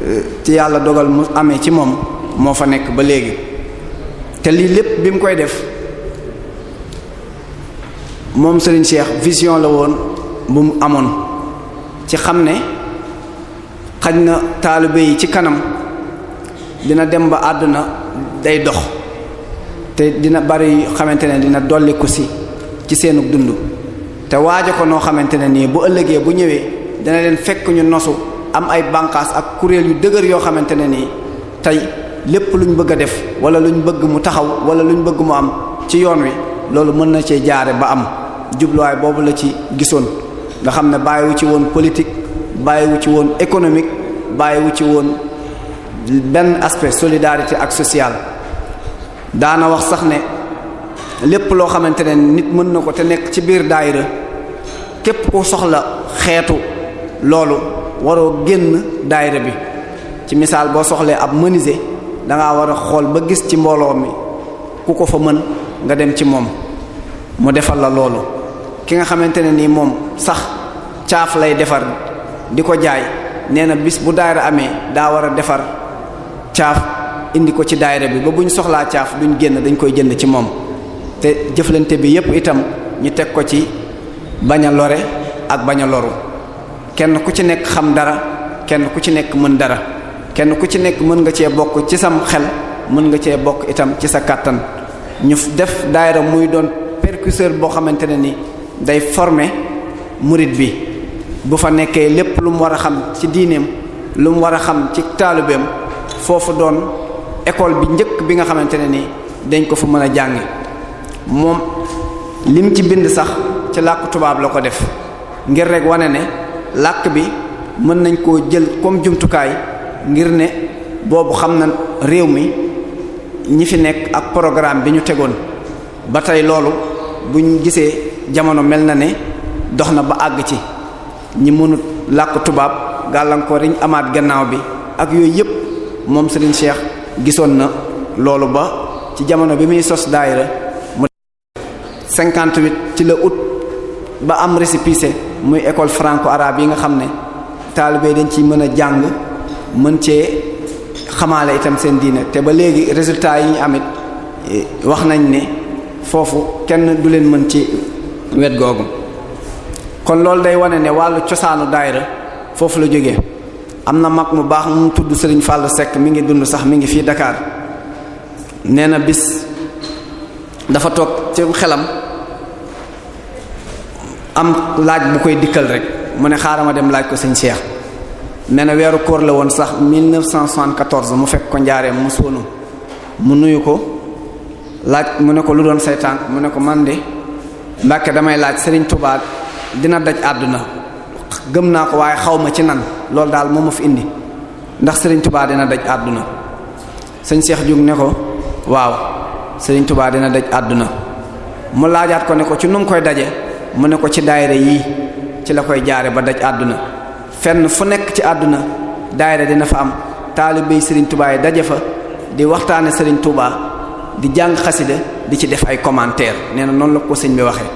euh, ci yàlla dogal mu amee ci moom moo fa nekk ba léegi te lii lépp bi mu koy def moom Serigne Cheikh vision la woon bu mu amoon. ci xam ne xaj na taalibe yi ci kanam dina dem ba àdduna day dox te dina bari xamante ne dina dolliku si ci seenug dund te waaja ko noo xamante ne nii bu ëllëgee bu ñëwee dina leen fekk ñu nosu am ay bànqaas ak kuréel yu dëgër yoo xamante ne nii tey lépp luñ bëgg a def wala luñ bëgg mu taxaw wala luñ bëgg mu am ci yoon wi loolu mën na cee jaare ba am jubluwaay boobu la ci gisoon nga xam ne bàyyiwu ci woon politique bàyyiwu ci woon économique bàyyiwu ci woon benn aspect solidarité ak sociale daana wax sax ne lépp loo xamante ne nit mën na ko te nekk ci biir daayira képp ku soxla xeetu loolu waroo génn daayira bi ci misaal boo soxlee ab menuisier da ngaa war a xool ba gis ci mbooloo mi ku ko fa mën nga dem ci moom mu defal la loolu ki nga xamante ne nii moom sax caaf lay defar di ko jaay nee na bis bu daayira amee daa war a defar caaf indi ko ci daayira bi ba bu ñu soxlaa caaf duñu génn dañ koy jënd ci moom te jëflante bi yépp itam ñu teg ko ci bañ a lore ak bañ a kenn ku ci nekk xam dara kenn ku ci nekk mën dara kenn ku ci nekk mën nga cee bokk ci sam xel mën nga cee bokk itam ci sa kàttan ñu def daayira muy doon percusseur boo xamante ne ni day former murid bi bu fa nekkee lépp lu mu war a xam ci diineem lu mu war a xam ci taalubeem foofu doon école bi njëkk bi nga xamante ne ni dañ ko fa mën a jànge moom lim ci bind sax ci làkk tubaab la ko def ngir rekk wane ne làkk bi mën nañ koo jël comme jumtukaay ngir ne boobu xam na réew mi ñi fi nekk ak programme bi ñu tegoon ba tey loolu buñ gisee jamono mel na ne dox na ba àgg ci ñi mënut làkk tubaab gàllankoor yi ñu amaat gannaaw bi ak yooyu yëpp moom Serigne Cheikh gisoon na loolu ba ci jamono bi muy sos daayira mu ci la août ba am récépissé muy école franco-arabe yi nga xam ne taalibe dañ ciy mën a jàng mën cee xamaale itam seen diine te ba léegi résultat yi ñu amit eh, wax nañ ne foofu kenn du leen mën ci wet googu kon loolu day wane ne wàllu cosaanu daayira foofu la jóge am na mag mu baax mu tudd Serigne Fallou Seck mi ngi dund sax mi ngi fii dakaar nee na bis dafa toog ci xelam am laaj bu koy dikkal rek mu ne xaaral ma dem laaj ko sëñ Cheikh nee na weeru koor la woon sax 1974 mu fekk ko njaaree mu sóonu mu nuyu ko laaj mu ne ko lu doon say mu ne ko man Mbàkke damay laaj Serigne Touba dina daj àdduna gëm naa ko waaye xaw ma ci nan loolu daal moom ma fi indi ndax sëriñ Touba dina daj àdduna sëñ Cheikh Diouf ne ko waaw sëriñ Touba dina daj àdduna mu laajaat ko ne ko ci nu mu koy daje mu ne ko ci dayre yii ci la koy jaare ba daj àdduna fenn fu nekk ci àdduna daayira dina fa am taalibe Serigne Touba yi daje fa di waxtaane Serigne Touba. di jàng xasida di ci def ay commentaire nee na noonu la ko sëñ bi waxee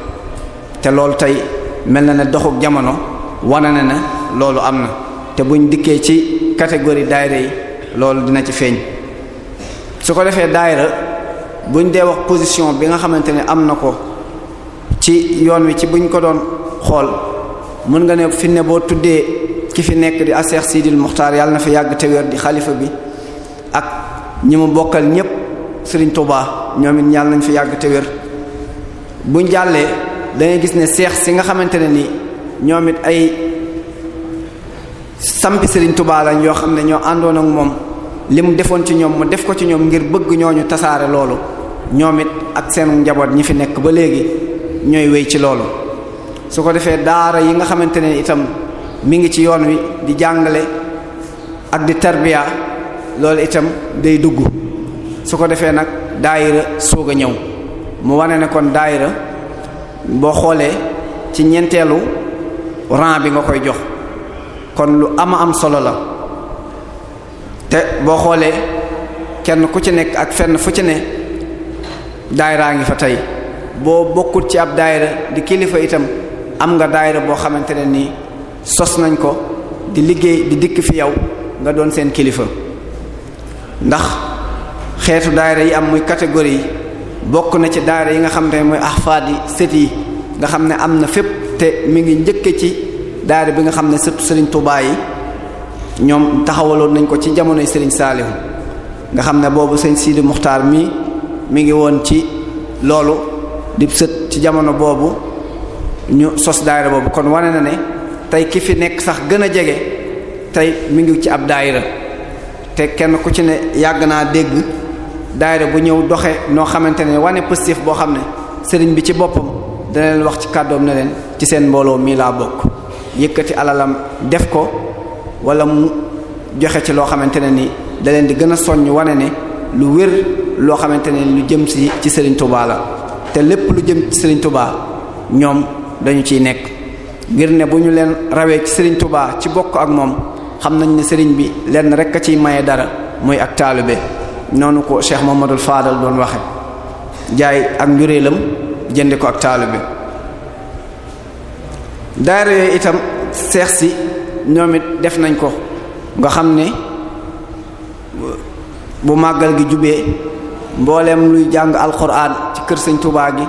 te loolu tey mel na ne doxuk jamono wane na ne loolu am na te buñ dikkee ci catégorie daayira yi loolu dina ci feeñ su ko defee daayira buñ dee wax position bi nga xamante ne am na ko ci yoon wi ci buñ ko doon xool mun nga ne fi boo tuddee ki fi nekk di Cheikh Sidil Muxtaar yàlla na fi yàgg te wér di xalifa bi ak ñi mu bokkal ñépp Serigne Touba ñoom it ñaal nañ fi yàgg te wér buñ jàllee dangay gis ne seex si nga xamante ne ni ñoom it ay sampi sëriñ Touba lañ yoo xam ne ñoo àndoon ak moom li mu defoon ci ñoom mu def ko ci ñoom ngir bëgg ñu tasaare loolu ñoom it ak seen njaboot ñi fi nekk ba léegi ñooy wéy ci loolu su ko defee daara yi nga xamante ne itam mi ngi ci yoon wi di jàngale ak di tarbiya loolu itam day dugg su ko defee nag daayira soog a ñëw mu wane ne kon daayira boo xoolee ci ñeenteelu rang bi nga koy jox kon lu ama am solo la te boo xoolee kenn ku ci nekk ak fenn fu ci ne daayiraa ngi fa tey boo bokkut ci ab daayira di kilifa itam am nga daayira boo xamante ne nii sos nañ ko di liggéey di dikk fi yow nga doon seen kilifa ndax xeetu daayira yi am muy catégorie yi bokk na ci daayira yi nga xam ne mooy ahfaad yi sët yi nga xam ne am na fépp te mi ngi njëkke ci daayira bi nga xam ne sëtu sëriñ Touba yi ñoom taxawaloon nañ ko ci jamonoy sëriñ Saliou nga xam ne boobu sëñ Sidi Muxtaar mii mi ngi woon ci loolu di sët ci jamono boobu ñu sos daayira boobu kon wane na ne tey ki fi nekk sax gën a jege tey mi ngi ci ab daayira te kenn ku ci ne yàgg naa dégg daayira bu ñëw doxee noo xamante ne wane positif boo xam ne sëriñ bi ci boppam dana wax ci kàddoom na leen ci seen mbooloo mii laa bokk yëkkati alalam def ko wala mu joxe ci loo xamante ne ni da leen di gën a soññ wane ne lu wér loo xamante ne lu jëm si ci sëriñ Touba la te lépp lu jëm ci sëriñ Touba ñoom dañu ciy nekk ngir ne bu ñu leen rawee ci sëriñ Touba ci bokk ak moom xam nañ ne sëriñ bi lenn rek a ciy maye dara mooy ak taalube noonu ko Cheikh Mouhamadul Fadal doon waxe jaay ak njureelam jënde ko ak taalibe daayira yooyu itam seex si ñoom it def nañ ko nga xam ne bu màggal gi jubee mbooleem luy jàng alxuraan ci kër sëñ Tuubaa gi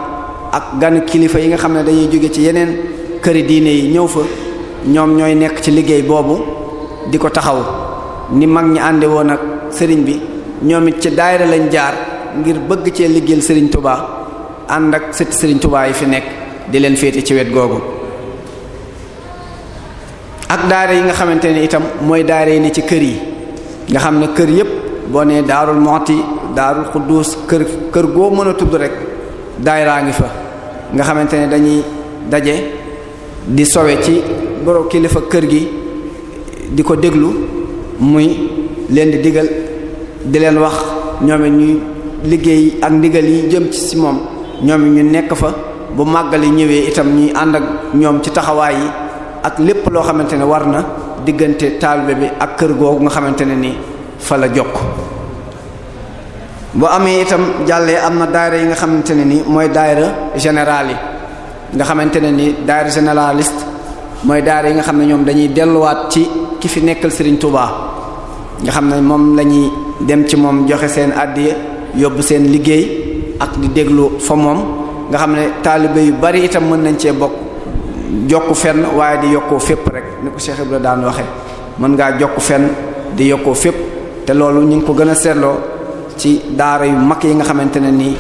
ak gan kilifa yi nga xam ne dañuy jóge ci yeneen këri diine yi ñëw fa ñoom ñooy nekk ci liggéey boobu di ko taxaw ni mag ñi ànde woon ak sëriñ bi ñoom it ci daayira lañ jaar ngir bëgg cee liggéeyal Serigne Touba ànd ak sët Serigne Touba yi fi nekk di leen féete ci wet googu ak daayira yi nga xamante ne itam mooy daayira yi ne ci kër yi nga xam ne kër yépp boo nee Daarul Muxti Daarul Xudduus kër kër goo mën a tudd rek daayiraa ngi fa nga xamante ne dañuy daje di sowe ci boro kilifa kër gi di ko déglu muy leen di digal di leen wax ñoom it ñuy liggéey ak ndigal yi jëm ci si moom ñoom ñu nekk fa bu màggal yi ñëwee itam ñuy ànd ak ñoom ci taxawaay yi ak lépp loo xamante ne war na diggante taalibe bi ak kër googu nga xamante ne ni fa la jokk bu amee itam jàllee am na daayira yi nga xamante ne ni mooy daayira général yi nga xamante ne ni daayira généraliste mooy daayira yi nga xam ne ñoom dañuy delluwaat ci ki fi nekkal Serigne Touba nga xam ne moom lañuy dem ci moom joxe seen àddiya yóbbu seen liggéey ak di déglu fa moom nga xam ne taalibe yu bari itam mën nañ cee bokk jokk fenn waaye di yokkoo fépp rek ni ko Cheikh daan waxe mën ngaa jokk fenn di yokkoo fépp te loolu ñu ngi ko gën a seetloo ci daara yu mag yi nga xamante ne nii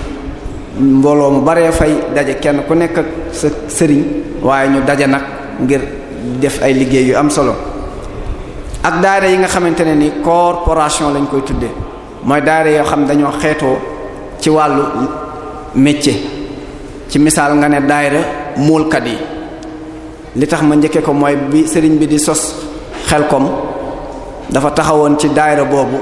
mbooloo mu baree fay daje kenn ku nekk ak sa sëriñ waaye ñu daje nag ngir def ay liggéey yu am solo ak daayira yi nga xamante ne ni corporation lañu koy tuddee mooy daayira yoo xam dañoo xeetoo ci wàllu métier ci misaal nga ne daayira muulkat yi li tax ma njëkkee ko mooy bi sëriñ bi di sos xel xelkom dafa taxawoon ci daayira boobu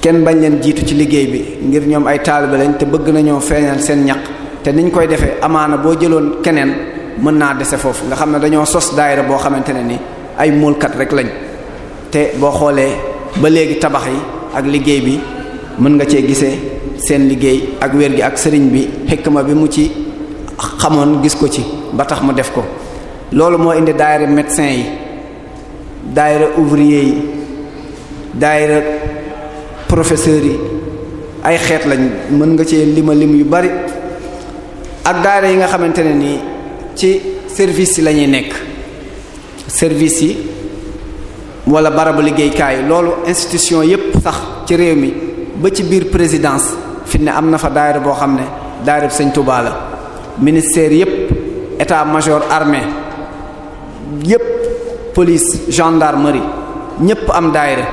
kenn bañ leen jiitu ci liggéey bi ngir ñoom ay taalibe lañ te bëgg nañoo feeñal seen ñaq te niñ koy defee amaana boo jëloon keneen mën naa dese foofu nga xam ne dañoo sos daayira boo xamante ne ni ay móolkat rek lañ te boo xoolee ba léegi tabax yi ak liggéey bi mën nga cee gisee seen liggéey ak wér gi ak sëriñ bi ma bi mu ci xamoon gis ko ci ba tax mu def ko loolu moo indi daayira médecin yi daayira ouvrier yi daayira professeurs yi ay xeet lañ mën nga cee lima lim yu bari ak daayira yi nga xamante ne nii ci service yi lañuy nekk service yi wala barabu liggéeykaay yi loolu institution yépp sax ci réew mi ba ci biir présidence fi ne am na fa daayira boo xam ne daayira Sëñ Tuubaa la ministère yépp état major armée yépp police gendarmerie ñépp am daayira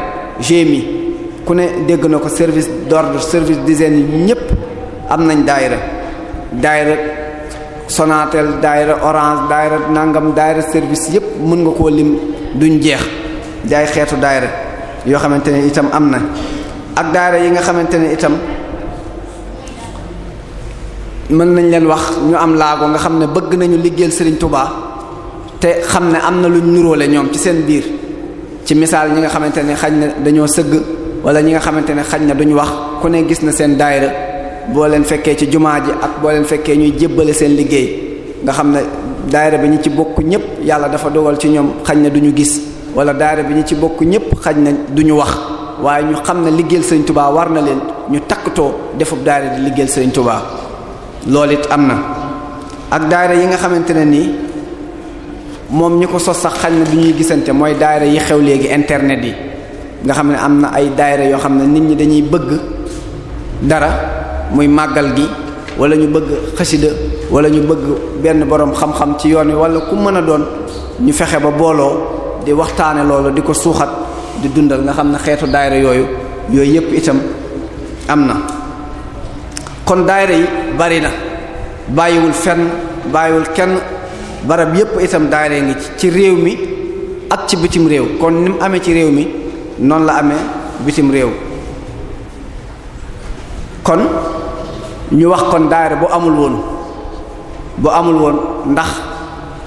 GMI ku ne dégg na ko service d'ordre service yi ñépp am nañ daayira daayira Sonatel daayira Orange daayira nangam daayira service yépp mën nga koo lim duñ jeex jaay xeetu daayira yoo xamante ne itam am na ak daayira yi nga xamante ne itam mën nañ leen wax ñu am laago nga xam ne bëgg nañu liggéeyal Serigne Touba te xam ne am na luñ nuróole ñoom ci seen biir ci misaal ñi nga xamante ne xañ na dañoo sëgg wala ñi nga xamante ne xañ na duñ wax ku ne gis na seen daayira boo leen fekkee ci jumaa ji ak boo leen fekkee ñuy jébbale seen liggéey nga xam ne daayira bi ñi ci bokk ñépp yàlla dafa dogal ci ñoom xañ na duñu gis wala daayira bi ñi ci bokk ñépp xañ na duñu wax waaye ñu xam ne liggéeyal Sëriñ Tuubaa war na leen ñu takktoo defub daayira di liggéeyal Sëriñ Tuubaa loolu it am na ak daayira yi nga xamante ne nii moom ñi ko sos sax xañ na duñuy gisante mooy daayira yi xew léegi internet yi nga xam ne am na ay daayira yoo xam ne nit ñi dañuy bëgg dara muy màggal gi wala ñu bëgg xasida wala ñu bëgg benn boroom xam-xam ci yoon wi wala ku mën a doon ñu fexe ba booloo di waxtaane loolu di ko suuxat di dundal nga xam ne xeetu daayira yooyu yooyu yépp itam am na kon daayira yi bari na bàyyiwul fenn bàyyiwul kenn barab yépp itam daayira ngi ci ci réew mi ak ci bitim réew kon ni mu amee ci réew mi noonu la amee bitim réew kon ñu wax kon daayira bu amul woon bu amul woon ndax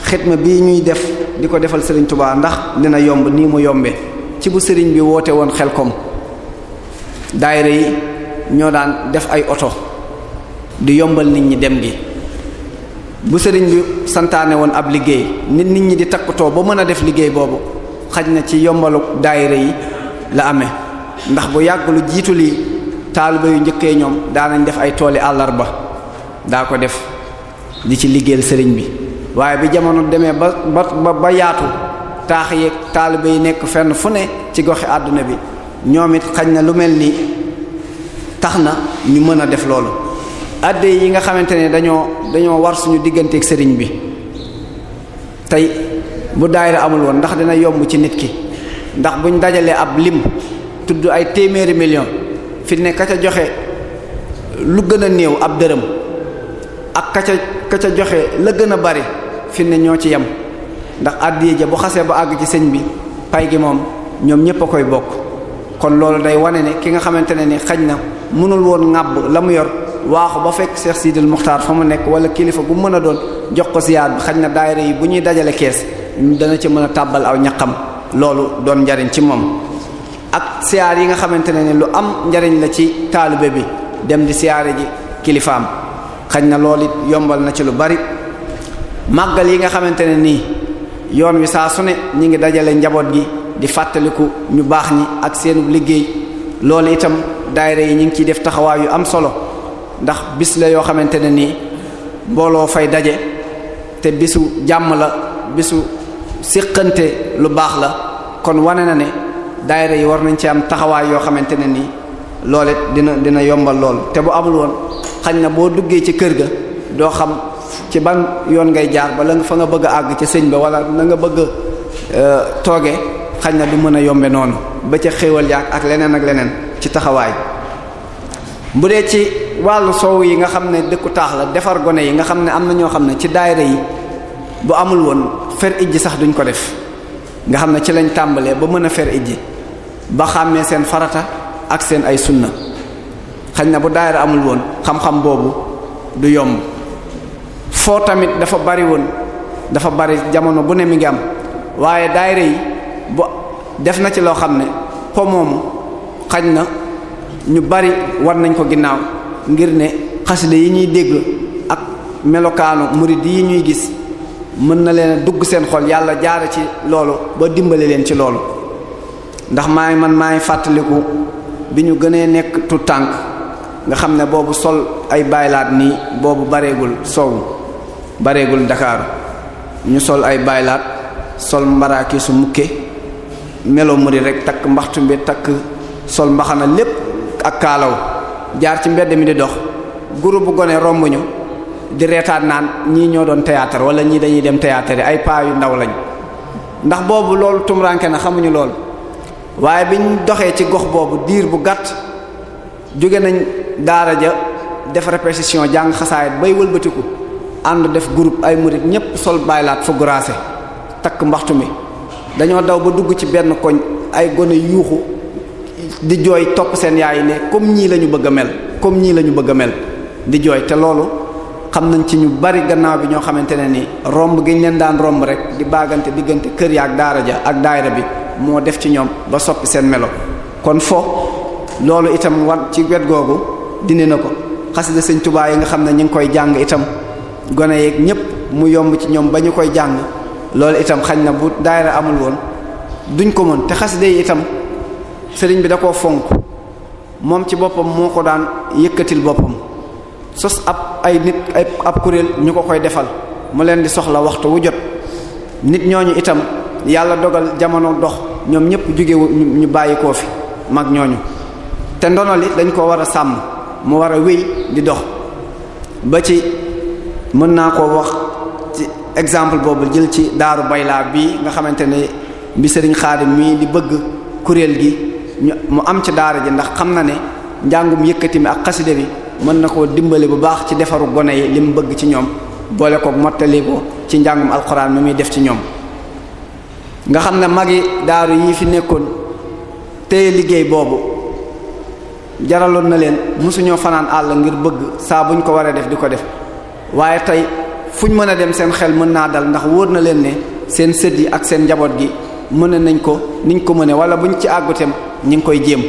xitma bi ñuy def di ko defal Serigne Touba ndax dina yomb nii mu yombee ci bu sëriñ bi woote woon xel xelkom daayira yi ñoo daan def ay oto di yombal nit ñi dem gi bu sëriñ bi santaane woon ab liggéey nit nit ñi di takkutoo ba mën a def liggéey boobu xaj na ci yombalu daayira yi la ame ndax bu yàgg lu jiitu lii taaliba yu njëkkee ñoom daanañ def ay tooli àllarba daa ko def di ci liggéeyal sëriñ bi waaye bi jamono demee ba ba ba yaatu taax yeeg taaliba yi nekk fenn fu ne ci goxi àdduna bi ñoom it xañ na lu mel ni tax na ñu mën a def loolu adde yi nga xamante ne dañoo dañoo war suñu digganteek sëriñ bi tey bu daayira amul woon ndax dina yomb ci nit ki ndax buñ dajalee ab lim tudd ay téeméeri million fi ne ka ca joxe lu gën a néew ab dërëm ak ka ca ka ca joxe la gën a bari fi ne ñoo ci yem ndax àddiya ja bu xasee ba àgg ci sëñ bi pay gi moom ñoom ñépp a koy bokk kon loolu day wane ne ki nga xamante ne ni xaj na mënul woon ŋàbb la mu yor waaxu ba fekk Cheikh Sidil Muxtaar fa mu nekk wala kilifa gu mën a doon jox ko ziyaar bi xaj na daayare yi bu ñuy dajale kees dana ci mën a tàbbal aw ñaqam loolu doon njariñ ci moom ak siyaar yi nga xamante ne lu am njariñ la ci taalibe bi dem di siyaare ji kilifaam xañ na lool it yombal na ci lu bari màggal yi nga xamante ne nii yoon wi saa su ne ñu ngi dajale njaboot gi di fàttaliku ñu baax ni ak seen liggéey loolu itam daayira yi ñu ngi ciy def taxawaay yu am solo ndax bis la yoo xamante ne nii mbooloo fay daje te bisu jàmm la bisu siqante lu baax la kon wane na ne daayira yi war nañ ci am taxawaay yoo xamante ne nii loole dina dina yombal loolu te bu amul woon xañ na boo duggee ci kër ga doo xam ci ban yoon ngay jaar bala fa nga bëgg àgg ci sëñ ba wala na nga bëgg a euh, tooge xañ na du mën a yombe noonu ba ca xéewal yaak ak leneen ak leneen ci taxawaay bu dee ci wàllu soow yi nga xam ne dëkku taax la defar gone yi nga xam ne am na ñoo xam ne ci daayre yi bu amul woon fer ijji sax duñ ko def nga xam ne ci lañ tàmbalee ba mën a fer ijji ba xàmmee seen farata ak seen ay sunna xañ na bu daayira amul woon xam-xam boobu du yomb foo tamit dafa bari woon dafa bari jamono bu ne mi ngi am waaye daayira yi bu def na ci loo xam ne po moomu xañ na ñu bari war nañ ko ginnaaw ngir ne xasida yi ñuy dégg ak melokaanu murid yi ñuy gis mën na leen dugg seen xol yàlla jaara ci loolu ba dimbale leen ci loolu ndax maa ngi man maa ngi fàttaliku bi ñu gënee nekk tu tànk nga xam ne boobu sol ay baylaat nii boobu bareegul sow bareegul ndakaaru ñu sol ay baylaat sol mbaraaki su mukke melo di rek takk mbaxtu mbi takk sol mbaxana lépp ak kaalaw jaar ci mbedd mi di dox groupe bu gone romb ñu di reetaan naan ñii ñoo doon théâtre wala ñii dañuy dem théâtre ay paa yu ndaw lañ ndax boobu loolu tumuranke na xamuñu lool waaye biñ doxee ci gox boobu diir bu gàtt jóge nañ daara ja def répétition jàng xasaayit bay wëlbatiku ànd def groupe ay murit ñépp sol baylaat fu takk mbaxtu mi dañoo daw ba dugg ci benn koñ ay gone yuuxu di jooy topp seen yaay ne comme ñii la ñu bëgg a mel comme ñii la ñu bëgg a mel di jooy te loolu xam nañ ci ñu bari gannaaw bi ñoo xamante ne ni romb gi ñu leen daan romb rek di baagante diggante kër ya ak daara ja ak daayira bi moo def ci ñoom ba soppi seen melo kon fo loolu itam war ci wet googu dindi na ko xasida sëñ Tuubaa yi nga xam ne ñu ngi koy jàng itam gone yeeg ñépp mu yomb ci ñoom ba ñu koy jàng loolu itam xañ na bu daayira amul woon duñ ko mën te xasida yi itam sëriñ bi da koo fonk moom ci boppam moo ko daan yëkkatil boppam sos ab ay nit ay ab kuréel ñu ko koy defal mu leen di soxla waxtu wu jot nit ñooñu itam yàlla dogal jamono dox ñoom ñëpp jóge ñu bàyyi koo fi mag ñooñu te ndono li dañ ko war a sàmm mu war a wéy di dox ba ci mën naa ko wax ci exemple boobu jël ci daaru baylaa bi nga xamante ne bi sëriñ xaadim mii di bëgg kuréel gi ñu mu am ci daara ji ndax xam na ne njàngum yëkkati mi ak xaside bi mën na koo dimbali bu baax ci defaru gone yi li mu bëgg ci ñoom boole ko mottali ko ci njàngum alxuraan mi muy def ci ñoom nga xam ne mag yi daaru yi fi nekkoon téye liggéey boobu jaraloon na leen mosuñoo fanaan àll ngir bëgg saa buñ ko waree def di ko def waaye tey fuñ mën a dem seen xel mën naa dal ndax wóor na leen ne seen sët yi ak seen njaboot gi mën nañ ko niñ ko mëne wala buñ ci àggutem ñi ngi koy jéem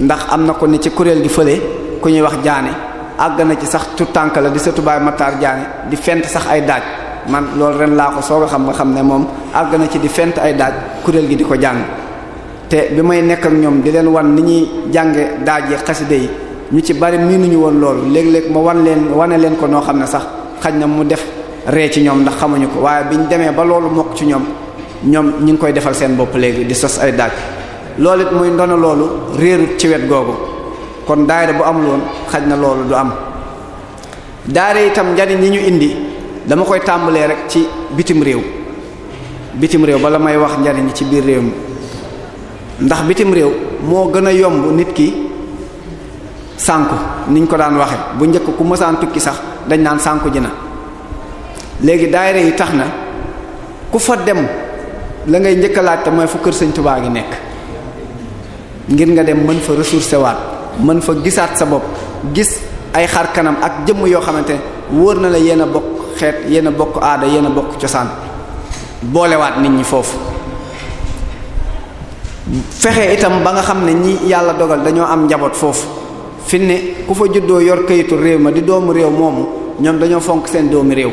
ndax am na ko ne ci kuréel gi fële ku ñuy wax jaane àgg na ci sax tu tànk la di sëtu baay Matar jaane di fent sax ay daaj man loolu ren laa ko soog a xam nga xam ne moom àgg na ci di fent ay daaj kuréel gi di ko jàng te bi may nekk ak ñoom di leen wan ni ñuy jànge daaj yi xaside yi ñu ci bari nii nu ñu woon loolu léeg-léeg ma wan leen wane leen ko noo xam ne sax xaj na mu def ree ci ñoom ndax xamuñu ko waaye bi biñ demee ba loolu mokk ci ñoom ñoom ñu ngi koy defal seen bopp léegi di sos ay daaj loolu it muy ndono loolu réerut ci wet googu kon daayira bu amul woon xaj na loolu du am daayira itam njariñ yi ñu indi dama koy tàmbalee rek ci bitim réew bitim réew bala may wax njariñ ci biir réew mi ndax bitim réew moo gën a yomb nit ki sànku niñ ko daan waxe bu njëkk ku mësaan tukki sax dañ naan sànku ji na léegi daayira yi tax na ku fa dem la ngay njëkk a mooy fu kër Sëñ Tuubaa gi nekk ngir nga dem mën fa ressourcé waat mën fa gisaat sa bopp gis ay xar kanam ak jëmm yoo xamante ne wóor na la yéen a bokk xeet yéen bokk aada yéen a bokk cosaan boolewaat nit ñi foofu fexe itam ba nga xam ne ñi yàlla dogal dañoo am njaboot foofu fi ne ku fa juddoo yor kayitu réew ma di doomu réew moomu ñoom dañoo fonk seen doomi réew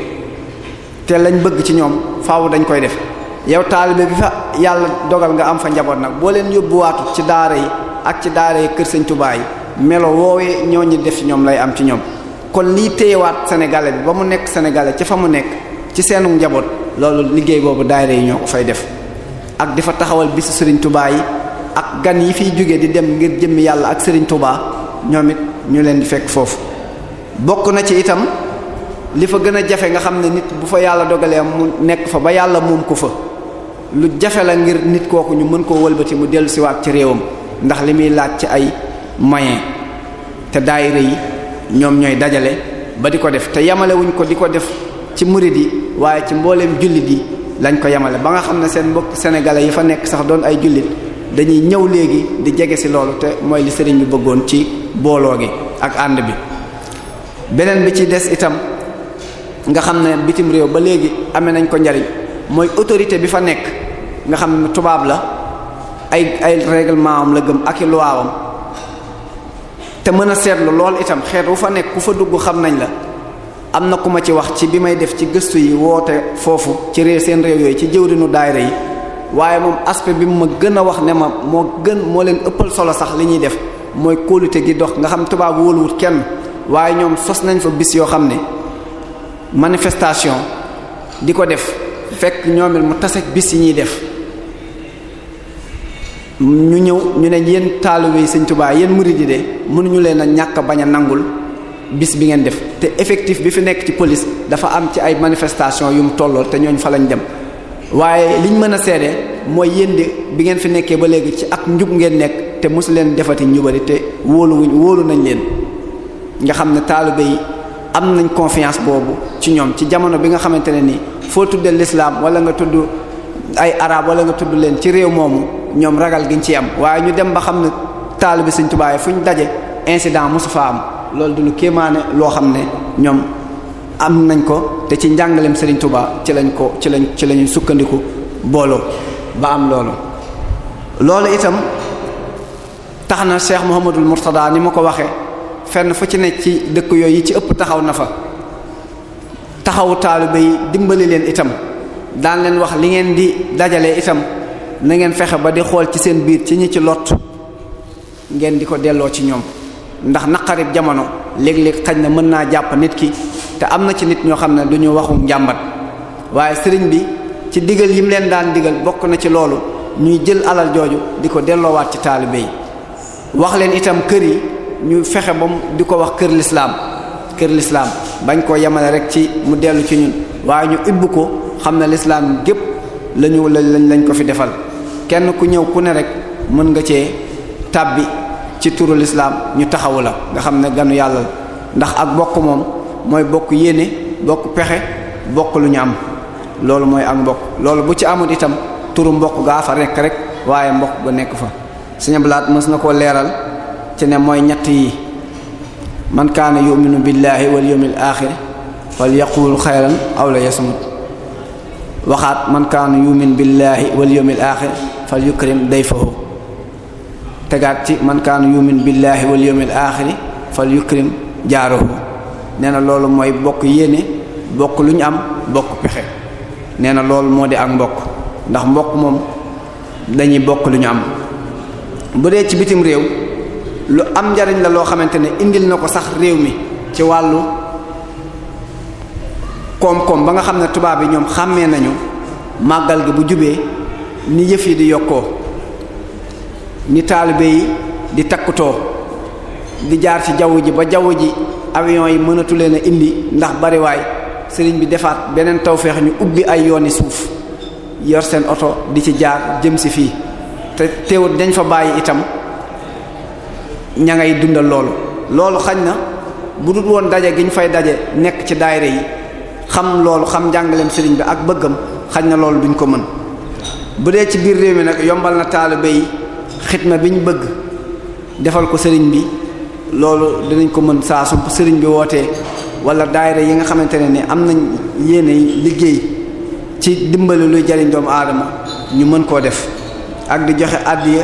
te lañ bëgg ci ñoom faaw dañ koy def yow taalibe bi fa yàlla dogal nga am fa njaboot nag boo leen yóbbuwaatu ci daara yi ak ci daara yi kër Sëñ Tuubaa melo woowee ñoo ñi def ci ñoom lay am ci ñoom kon liy teyewaat sénégalais bi ba mu nekk sénégalais ci fa mu nekk ci seenu njaboot loolu liggéey boobu daayira yi ñoo ko fay def ak di fa taxawal bisu sëriñ Touba yi ak gan yi fiy jóge di dem ngir jëmm yàlla ak sëriñ Touba ñoom it ñu leen di fekk foofu bokk na ci itam li fa gën a jafe nga xam ne nit bu fa yàlla dogalee mu nekk fa ba yàlla moom ko fa lu jafe la ngir nit kooku ñu mën koo wëlbati mu dellusiwaat ci réewam ndax li muy laaj ci ay moyens te daayira yi ñoom ñooy dajale ba di ko def te yamalewuñ ko di ko def ci murid yi waaye ci mbooleem jullit yi lañ ko yamale ba nga xam ne seen mbokk sénégalais yi fa nekk sax doon ay jullit dañuy ñëw léegi di jege ci loolu te mooy li sëriñ bi bëggoon ci booloo gi ak ànd bi beneen bi ci des itam nga xam ne bitim réew ba léegi amee nañ ko njariñ mooy autorité bi fa nekk nga xam ne tubaab la ay ay règlement am la gëm ak i loi te mën a seetlu lool itam xeet wu fa nekk ku fa dugg xam nañ la am na ku ma ci wax ci bi may def ci gëstu yi woote foofu ci réew seen réew yooyu ci jëwrinu daayira yi waaye moom aspect bi mu ma gën a wax ne ma moo gën moo leen ëppal solo sax li ñuy def mooy kóolute gi dox nga xam tubaab wóoluwut kenn waaye ñoom sos nañ fa bis yoo xam ne manifestation di ko def fekk ñoom mu taseeg bis yi ñuy def ñu ñëw ñu ne yéen taalibe yi Sëriñ Tuubaa yéen murid yi de mënuñu leen a ñàkk bañ a nangul bis bi ngeen def te effectif bi fi nekk ci police dafa am ci ay manifestation yu mu tolloo te ñooñ fa lañ dem waaye liñ mën a seede mooy yéen di bi ngeen fi nekkee ba léegi ci ak njub ngeen nekk te mosu leen defati njubari te wóoluwuñ wóolu nañ leen nga xam ne taalibe yi am nañ confiance boobu ci ñoom ci jamono bi nga xamante ne nii foo tuddee lislaam wala nga tudd ay arab nga tudd leen ci réew moomu ñoom ragal gi ci am waaye ñu dem ba xam ne taalibe Sëriñ Tuubaa yi fu ñu daje incident mosu faa am loolu du lu kéemaane loo xam ne ñoom am nañ ko te ci njàngaleem Sëriñ tubaa ci lañ ko ci lañ ci lañuy sukkandiku booloo ba am loolu loolu itam tax na Cheikh Mouhamadul Mourtada ni ma ko waxee fenn fu ci ne ci dëkk yooyu ci ëpp taxaw na fa taxawu taalibe yi dimbali leen itam daan leen wax li ngeen di dajalee itam na ngeen fexe ba di xool ci seen biir ci ñi ci lot ngeen di ko delloo ci ñoom ndax naqarib jamono léeg-léeg xañ na mën naa jàpp nit ki te am na ci nit ñoo xam ne du ñu waxu njàmbat waaye sëriñ bi ci digal yim leen daan digal bokk na ci loolu ñuy jël alal jooju di ko delloowaat ci taalibe yi wax leen itam kër yi ñu fexe ba mu di ko wax kër lislaam kër lislaam bañ koo yemale rek ci mu dellu ci ñun waaye ñu ibb ko xam na lislaam gépp lañu lañ lañ ko fi defal kenn ku ñëw ku ne rek mën nga cee tàbbi ci turu lislaam ñu taxawu la nga xam ne ganu yàlla la ndax ak bokk moom mooy bokk yéene bokk pexe bokk lu ñu am loolu mooy ak mbokk loolu bu ci amul itam turu mbokk gaa fa nekk rek waaye mbokk ba nekk fa Sëriñ Blaat mës na koo leeral ci ne mooy ñett yi man kaana yu'minu billahi wal yawmil aaxir fal yaqul xayran aw la yasmut waxaat man kaana yu'minu billahi wal yawmil fal yukrim dayfahu tegaat ci man kaana yumin billaahi wal yawmil aaxiri fal yukrim jaaruhu nee na loolu mooy bokk yéene bokk lu ñu am bokk pexe nee na loolu moo di ak mbokk ndax mbokk moom dañuy bokk lu ñu am bu dee ci bitim réew lu am njariñ la loo xamante ne indil na ko sax réew mi ci wàllu koom-koom ba nga xam ne tubaab yi ñoom xàmmee nañu màggal gi bu jubee ni yëf yi di yokkoo ni taalibe yi di takkutoo di jaar ci jaww ji ba jaww ji awiyon yi mënatu leen a indi ndax bariwaay sëriñ bi defaat beneen tawfeex ñu ubbi ay yi suuf yor seen oto di ci jaar jëm si fii te teewut dañ fa bàyyi itam ña ngay dundal loolu loolu xañ na bu dul woon daje gi ñu fay daje nekk ci daayira yi xam loolu xam njàngaleem sëriñ bi ak bëggam xañ na loolu duñ ko mën bu dee ci biir réew mi nag yombal na taalibe yi xitma bi ñu bëgg defal ko sëriñ bi loolu dinañ ko mën saa su sëriñ bi wootee wala daayira yi nga xamante ne ni am nañ yéene liggéey ci dimbali luy jariñ doomu aadama ñu mën koo def ak di joxe àddiya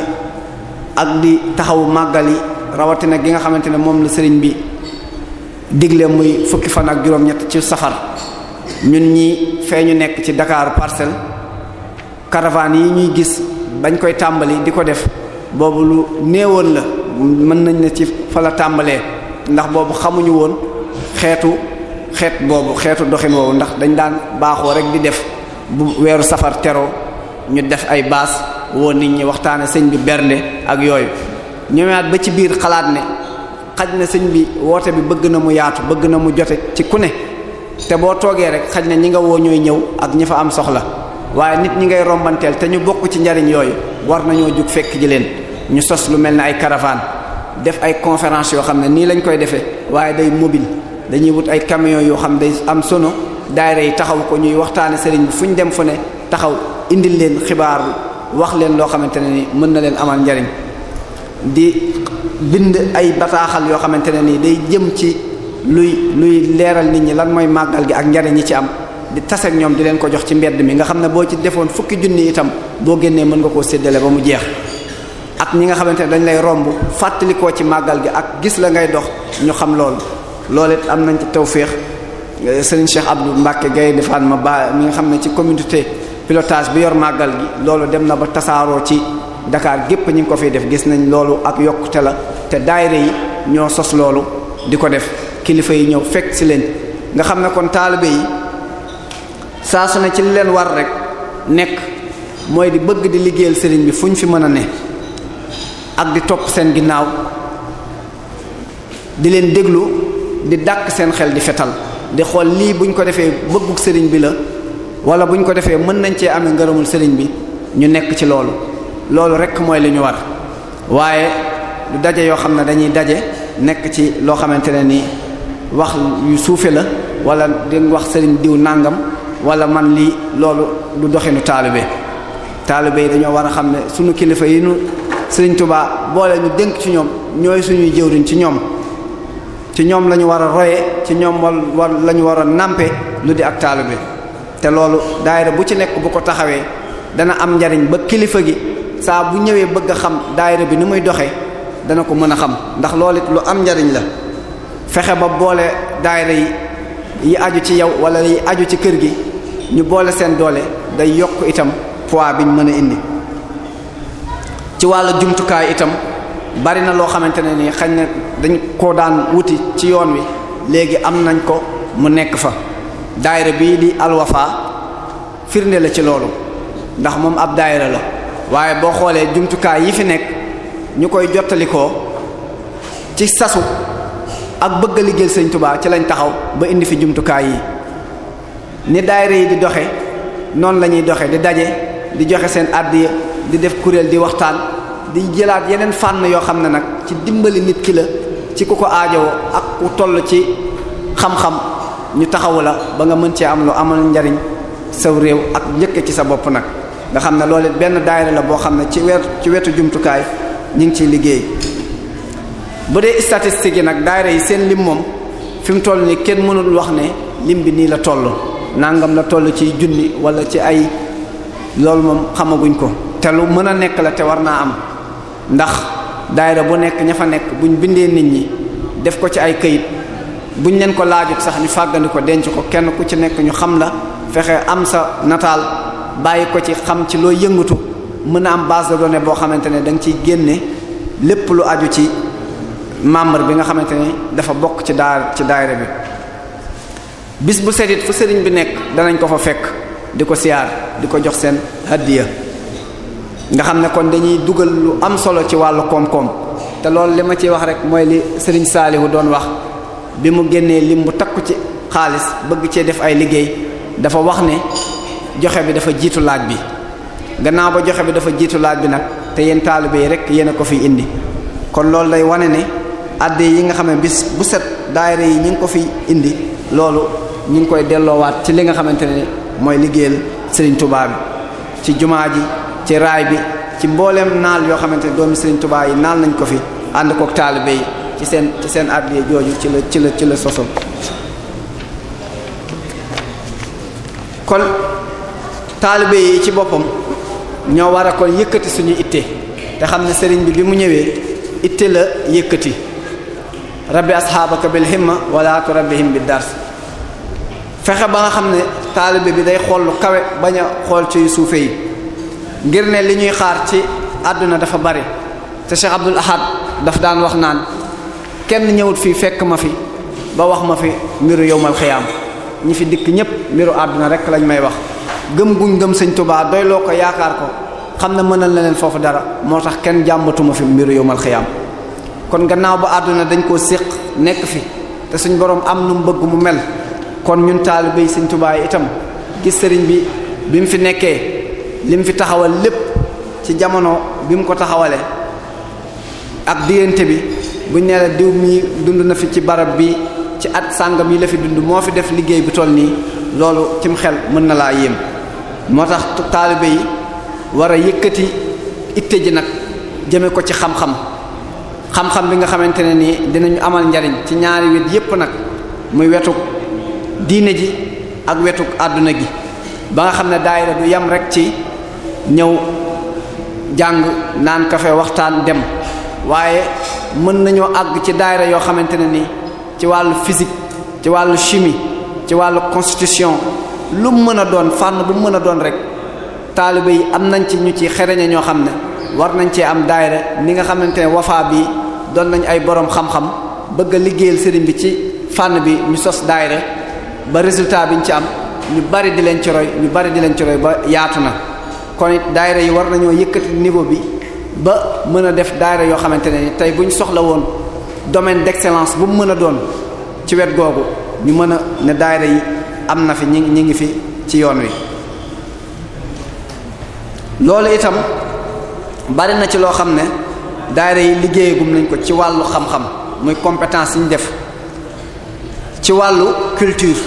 ak di taxawu màggal yi rawatina gi nga xamante ne moom la sëriñ bi digle muy fukki fan ak juróom-ñett ci safar ñun ñi fee ñu nekk ci Dakar parcelle caravane yi ñuy gis bañ koy tàmbali di ko def boobu lu néewoon la mën nañ ne ci fa la tàmbalee ndax boobu xamuñu woon xeetu xeet boobu xeetu doxin woowu ndax dañ daan baaxoo rek di def bu weeru safar teroo ñu def ay baas woo nit ñi waxtaane sëñ bi bernde ak yooyu ñëwaat ba ci biir xalaat ne xaj na sëñ bi woote bi bëgg na mu yaatu bëgg na mu jote ci ku ne te boo toogee rek xaj na ñi nga woo ñooy ñëw ak ñi fa am soxla waaye nit ñi ngay rombanteel te ñu bokk ci njariñ yooyu war nañoo jug fekk ji leen ñu sos lu mel ne ay caravane def ay conférence yoo xam ne nii lañ koy defee waaye day mobile dañuy wut ay camion yoo xam ne day am sono daayira yi taxaw ko ñuy waxtaane seriñ bi fu ñu dem fu ne taxaw indil leen xibaar wax leen loo xamante ne ni mën na leen amal njariñ di bind ay bataaxal yoo xamante ne nii day jëm ci luy luy leeral nit ñi lan mooy màggal gi ak njariñ yi ci am di taseeg ñoom di leen ko jox ci mbedd mi nga xam ne boo ci defoon fukki junni itam boo génnee mën nga koo séddale ba mu jeex ak ñi nga xamante ne dañ lay romb fàttalikoo ci màggal gi ak gis la ngay dox ñu xam loolu loolu it am nañ ci tawféex Serigne Cheikh Abdou Mbacke Gaye defaan ma ba mi nga xam ne ci communauté pilotage bi yor màggal gi loolu dem na ba tasaaroo ci Dakar gépp ñi ngi ko fiy def gis nañ loolu ak yokkute la te daayira yi ñoo sos loolu di ko def kilifa yi ñëw fekk si leen nga xam ne kon taalibe yi saa su ne ci li leen war rek nekk mooy di bëgg di liggéeyal sëriñ bi fu ñu fi mën a ne ak di topp seen ginnaaw di leen déglu di dàq seen xel di fetal di xool lii buñ ko defee bëggug sëriñ bi la wala buñ ko defee mën nañ cee amee ngërëmul sëriñ bi ñu nekk ci loolu loolu rek mooy li ñu war waaye du daje yoo xam ne dañuy daje nekk ci loo xamante ne ni wax yu suufe la walla di wax sëriñ diw nàngam wala man lii loolu du doxinu taalibe taalibe yi dañoo war a xam ne sunu kilifa yi nu Sëriñ Tuubaa boole ñu dénk ci ñoom ñooy suñuy jëwriñ ci ñoom ci ñoom lañu war a royee ci ñoom wal war la war a nàmpe lu di ak taalibe te loolu daayira bu ci nekk bu ko taxawee dana am njariñ ba kilifa gi saa bu ñëwee bëgg a xam daayira bi ni muy doxee dana ko mën a xam ndax loolit lu am njariñ la fexe ba boole daayira yi yi aju ci yow wala yi aju ci kër gi ñu boole seen doole day yokk itam poids biñ mën a indi ci wàll jumtukaay itam bari na loo xamante ne ni xañ na dañ koo daan wuti ci yoon wi léegi am nañ ko mu nekk fa daayira bii di alwafa firnde la ci loolu ndax moom ab daayira la waaye boo xoolee jumtukaay yi fi nekk ñu koy jottalikoo ci sasu ak bëgg a liggéeyal Sëriñ ci lañ taxaw ba indi fi jumtukaay yi ni daayira yi di doxe noonu la ñuy doxe di daje di joxe seen àddiya di def kuréel di waxtaan di jëlaat yeneen fànn yoo xam ne nag ci dimbali nit ki la ci ku ko aajowoo ak ku toll ci xam-xam ñu taxawu la ba nga mën cee am lu amul njariñ saw réew ak njëkk ci sa bopp nag nga xam ne loolu benn daayira la boo xam ne ci wetu jumtukaay ñu ngi ciy liggéey bu dee statistiques yi nag daayira yi seen lim moom fi mu toll nii kenn mënul wax ne lim bi nii la toll nangam la toll ci junni walla ci ay loolu moom xamaguñ ko te lu mën a nekk la te war naa am ndax daayira bu nekk ña fa nekk buñ bindee nit ñi def ko ci ay kayit buñ leen ko laajut sax ñu fàggandi ko denc ko kenn ku ci nekk ñu xam la fexe am sa nataal bàyyi ko ci xam ci looy yëngatu mën a am base boo xamante ne danga ciy génne lépp lu aju ci membre bi nga xamante ne dafa bokk ci daa ci daayira bi bis bu setit fu sëriñ bi nekk danañ ko fa fekk di ko siyaar di ko jox seen hadiya nga xam ne kon dañuy dugal lu am solo ci wàllu koom-koom te loolu li ma ciy wax rek mooy li sëriñ Saalihu doon wax bi mu génnee lim bu takku ci xaalis bëgg cee def ay liggéey dafa wax ne joxe bi dafa jiitu laaj bi gannaaw ba joxe bi dafa jiitu laaj bi nag te yéen taalibe yi rek yéen ko fiy indi kon loolu lay wane ne adde yi nga xam ne bis bu set daayira yi ñu ko fi indi loolu ñu ngi koy delloowaat ci li nga xamante ne mooy liggéeyal sëriñ tubaab bi ci jumaa ji ci raay bi ci mbooleem naal yoo xamante ni doomi Serigne Touba yi naal nañ ko fi ànd kook taalibe yi ci seen ci seen addiya jooju ci la ci la ci la soso kon taalibe yi ci boppam ñoo war a kon yëkkati suñu itte te xam ne sëriñ bi bi mu ñëwee itte la yëkkati rabbi asxaabaka bil himma wala ko rabbihim bi dars fexe ba nga xam ne taalibe bi day xool lu kawe bañ a xool ci suufe yi ngir ne li ñuy xaar ci àdduna dafa bari te Cheikh Abdul dafa daan wax naan kenn ñëwut fii fekk ma fi ba wax ma fi mbiru yowmal xiyaam ñi fi dikk ñépp mbiru àdduna rek lañ may wax gëm guñ gëm sëñ Tuubaa doy loo ko yaakaar ko xam na mënal na leen foofu dara moo tax kenn jàmbatuma fi mbiru yowmal xiyaam kon gannaaw ba àdduna dañ koo séq nekk fi te suñ borom am nu mu bëgg mu mel kon ñun taalibe Sëriñ Tuubaa itam gis sëriñ bi bi mu fi nekkee li mu fi taxawal lépp ci jamono bi mu ko taxawale ak diggante bi buñ nee la diw mi dund na fi ci barab bi ci at sàngam yi la fi dund moo fi def liggéey bu toll nii loolu cim xel mën na laa yéem moo tax taalibe yi war a yëkkati itte ji nag jëme ko ci xam-xam xam-xam bi nga xamante ne nii dinañu amal njariñ ci ñaari wet yépp nag muy wetu diine ji ak wetu àdduna gi ba nga xam ne daayre bu yam rek ci ñëw jàng naan kafe waxtaan dem waaye mën nañoo àgg ci daayira yoo xamante ne ni ci wàll physique ci wàll chimie ci wàllu constitution lu mën a doon fànn bu mën a doon rek taalibe yi am nañ ci ñu ci xereñe ñoo xam ne war nañ cee am daayira ni nga xamante ne wafa bi doon nañ ay borom xam-xam bëgg a liggéeyal sëriñ bi ci fànn bi ñu sos daayre ba résultat biñ ci am ñu bari di leen ci roy ñu bari di leen ci ba yaatu na kon it daayira yi war nañoo yëkkati niveau bi ba mën a def daayira yoo xamante ne tey bu ñu soxla woon domaine d'excellence bu mu mën a doon ci wet googu ñu mën a ne daayira yi am na fi ñi ñi ngi fi ci yoon wi loolu itam bari na ci loo xam ne daayira yi liggéeyagum nañ ko ci wàllu xam-xam muy compétence yi ñu def ci wàllu culture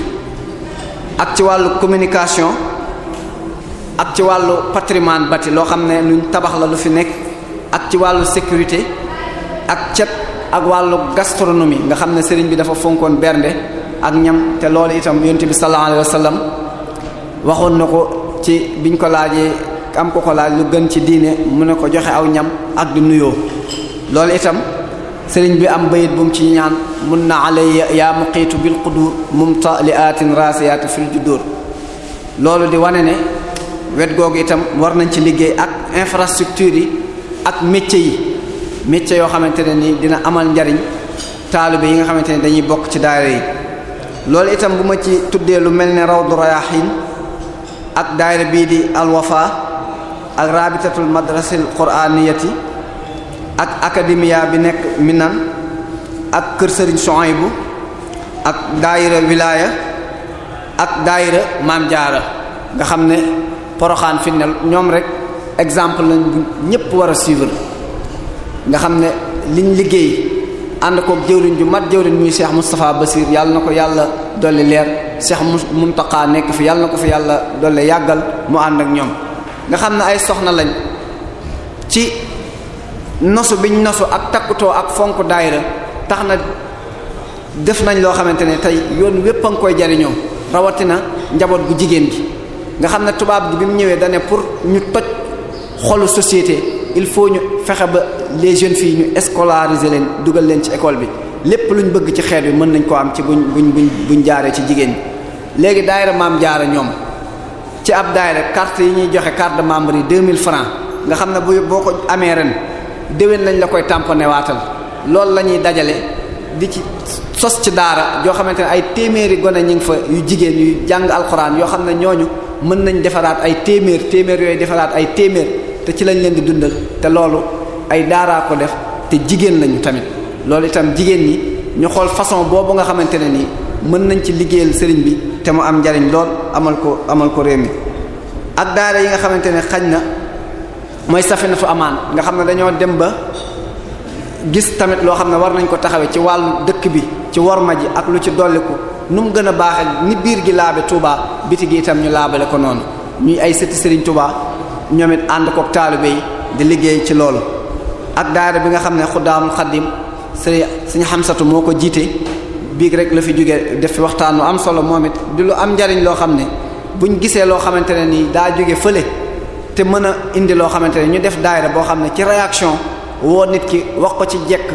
ak ci wàllu communication ak ci wàllu patrimoine bâti loo xam ne luñ tabax la lu fi nekk ak ci wàllu sécurité ak cet ak wàllu gastronomie nga xam ne sëriñ bi dafa fonkoon bernde ak ñam te loolu itam yonent bi sallallahu alayhi wasallam waxoon na ko ci biñ ko laajee am ko ko laaj lu gën ci diine mu ne ko joxe aw ñam ak di nuyoo loolu itam sëriñ bi am bayit bu mu ci ñaan mën na alaya yaa xiitu bil qudur mumta li aatin rasiyaati fil juddur loolu di wane ne wet googu itam war nañ ci liggéey ak infrastructure yi ak métier yi métier yoo xamante ne nii dina amal njariñ taalibe yi nga xamante ne dañuy bokk ci daayira yi loolu itam bu ma ci tuddee lu mel ne raw rawdu rayahin ak daayira bii di alwafa ak rabitatul madrasil quraaniyati ak académia bi nekk Minan ak kër sëriñ son Serigne bu ak daayira wilaya ak daayira Maam Jaara nga xam ne poroxaan fi ñoom rek exemple lañ ñépp war a suivre nga xam ne liñ liggéey ànd koog jëwriñ ju mat jëwriñ muy Cheikh Moustapha Basir yàlla na ko yàlla dolli leer seex Cheikh Muntaqa nekk fi yàlla na ko fi yàlla dolli yàggal mu ànd ak ñoom nga xam ne ay soxna lañ ci nosu biñ nosu ak takkutoo ak fonk daayra tax na def nañ loo xamante ne tey yoon wépp a nga koy jariñoo rawatina njaboot bu jigéen gi nga xam ne tubaab gi bi mu ñëwee dane pour ñu toj xolu société il faut ñu fexe ba les jeunes filles ñu scolariser leen dugal leen ci école bi lépp luñ bëgg ci xeer bi mën nañ ko am ci buñ buñ buñ buñ jaaree ci jigéen bi léegi daayira maam jaara ñoom ci ab daayira carte yi ñuy joxe carte de membre yi 2000 francs nga xam ne bu boo ko amee ren déwén lañ la koy tamponné waatal loolu la ñuy dajale di ci sos ci daara joo xamante ne ay téeméeri gone ñu ngi fa yu jigéen yu jàng alxuraan yoo xam ne ñooñu mën nañ defaraat ay téeméer téeméer yooyu defaraat ay téeméer te ci lañ leen di dundal te loolu ay daaraa ko def te jigéen lañu tamit loolu itam jigéen ñi ñu xool façon boobu nga xamante ne nii mën nañ ci liggéeyal sëriñ bi te mu am njariñ lool amal ko amal ko réew mi ak daara yi nga xamante ne xañ na mooy safinatu amaan nga xam ne dañoo dem ba gis tamit loo xam ne war nañ ko taxawee ci wàllu dëkk bi ci worma ji ak lu ci dolliku nu mu gën a baaxee ni biir gi laabe Touba biti gi itam ñu laabale ko noonu ñuy ay sëti Serigne Touba ñoom it ànd koog taalibe yi di liggéey ci loolu. ak daara bi nga xam ne xuddaamul xaddim sëriñ suñu xamsatu moo ko jiite biig rek la fi jóge def fi waxtaan lu am solo moom it di lu am njariñ loo xam ne buñ gisee loo xamante ne nii daa jóge fële. te mën a indi loo xamante ne ñu def daayira boo xam ne ci réaction woo nit ki wax ko ci jekk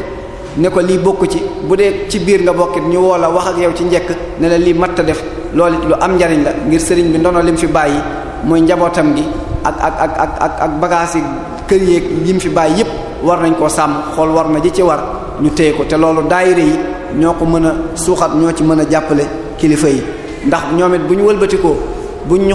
ne ko lii bokk ci bu dee ci biir nga bokkit ñu woo la wax ak yow ci njekk ne la lii matt a def loolu lu am njariñ la ngir sëriñ bi ndono lim fi bàyyi muy njabootam gi ak ak ak ak ak ak yi kër yeeg yim fi bàyyi yépp war nañ koo sàmm xool war ma ji ci war ñu téye ko te loolu daayira yi ñoo ko mën a suuxat ñoo ci mën a jàppale kilifa yi ndax ñoom bu ñu wëlbatikoo bu ñu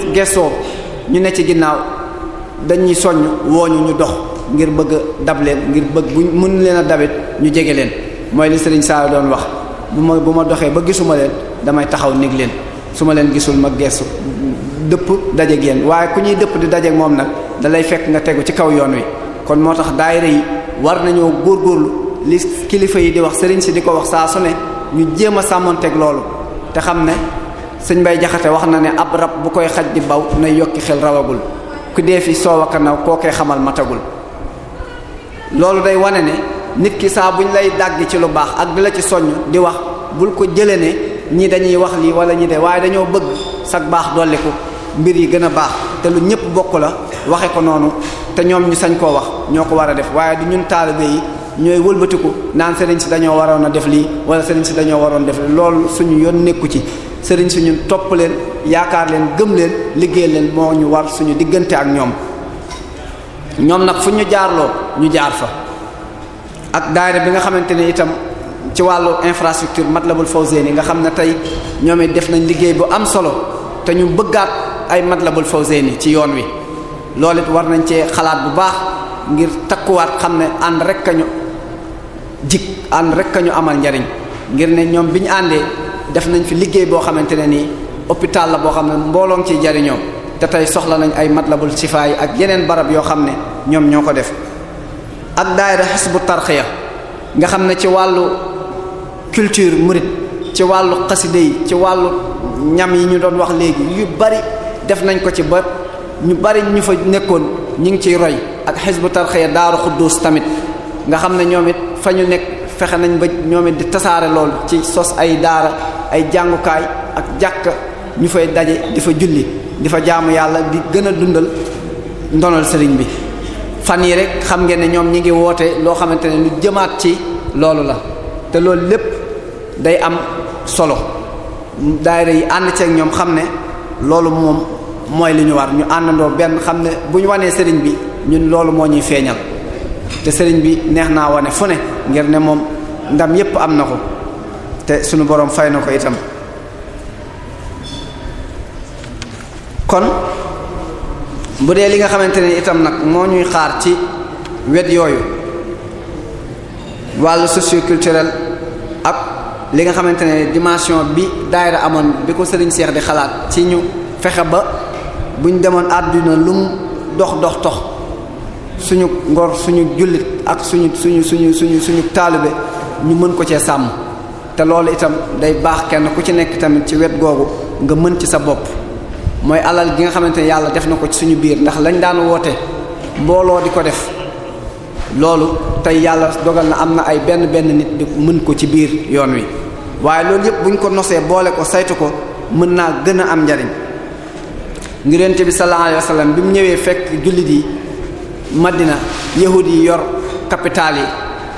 dañuy soññ wooñu ñu dox ngir bëgg dab leen ngir bëgg bu mën leen a dabit ñu jege leen mooy li sëriñ Saar doon wax bu ma bu ma doxee ba gisuma leen damay taxaw néeg leen su ma leen gisul ma geesu dëpp dajeeg yéen waaye ku ñuy dëpp di dajeeg moom nag dalay fekk nga tegu ci kaw yoon wi kon moo tax daayira yi war nañoo góor góorlu li kilifa yi di wax sëriñ si di ko wax saa su ne ñu jéem a sàmmanteeg loolu te xam ne sëñ Bay Jaxate wax na ne ab rab bu koy xaj baw na yokki xel rawagul ku dee fi soow ak naw koo koy xamal matagul loolu day wane ne nit ki saa buñ lay dàgg ci lu baax ak di la ci soññ di wax bul ko jëlee ne ñii dañuy wax lii wala ñi de waaye dañoo bëgg sag baax dolliku mbir yi gën a baax te lu ñëpp bokk la waxe ko noonu te ñoom ñu sañ koo wax ñoo ko war a def waaye du ñun taalibe yi ñooy wëlbatiku naan sëriñ si dañoo waroon a def lii wala sëriñ si dañoo waroon def lii loolu suñu yoon nekku ci sëriñ si ñun topp leen yaakaar leen gëm leen liggéey leen moo ñu war suñu diggante ak ñoom ñoom nag fu ñu jaarloo ñu jaar fa ak daayira bi nga xamante ni itam ci wàllu la bul Matlabul ni nga xam ne tey ñoom it def nañ liggéey bu am solo te ñu bëggaat ay Matlabul Fawzeyni ci yoon wi loolu it war nañ cee xalaat bu baax ngir takkuwaat xam ne ànd rek jig ànd rek ka ñu amal njariñ ngir ne ñoom bi ñu àndee def nañ fi liggéey boo xamante ne nii hôpital la boo xam ne mbooloo ciy jariñoo te tey soxla nañ ay matlabul sifaay ak yeneen barab yoo xam ne ñoom ñoo ko def ak daayira xisbu tarxiya nga xam ne ci wàllu culture murit ci wàllu xaside yi ci wàllu ñam yi ñu doon wax léegi yu bari def nañ ko ci ba ñu bari ñu fa nekkoon ñu ngi ciy roy ak xisbu tarxiya daaru xudduus tamit nga xam ne ñoom it fa ñu nekk fexe nañ ba ñoom di tasaare lool ci sos ay daara ay jàngukaay ak jàkka ñu fay daje di fa julli di fa jaamu yàlla di gën a dundal ndonal sëriñ bi fan yi rek xam ngeen ne ñoom ñi ngi woote loo xamante ne lu jëmaat ci loolu la te loolu lépp day am solo daayira yi ànd ceeg ñoom xam ne loolu moom mooy li ñu war ñu àndandoo benn xam ne bu ñu wanee sëriñ bi ñun loolu moo ñuy feeñal te sëriñ bi neex naa wane fu ne ngir ne moom ndam yépp am na ko te sunu boroom fay na ko itam kon bu dee li nga xamante ne itam nag moo ñuy xaar ci wet yooyu wàll wàllu culturel ak li nga xamante ne dimension bi daayira amoon bi ko sëriñ Seex di xalaat ci ñu fexe ba buñ demoon àdduna lum dox dox tox suñu ngor suñu jullit ak suñu suñu suñu suñu suñu taalibe ñu mën ko cee sàmm te loolu itam day baax kenn ku ci nekk tamit ci wet googu nga mën ci sa bopp mooy alal gi nga xamante ne yàlla def na ko ci suñu biir ndax lañ daan woote mbooloo di ko def loolu tey yàlla dogal na am na ay benn benn nit di mën ko ci biir yoon wi waaye loolu yëpp buñ ko nosee boole ko saytu ko mën naa gën a am njariñ ngireente bi sallallahu alayhi wasallam bi mu ñëwee fekk jullit yi madina yahud yi yor capital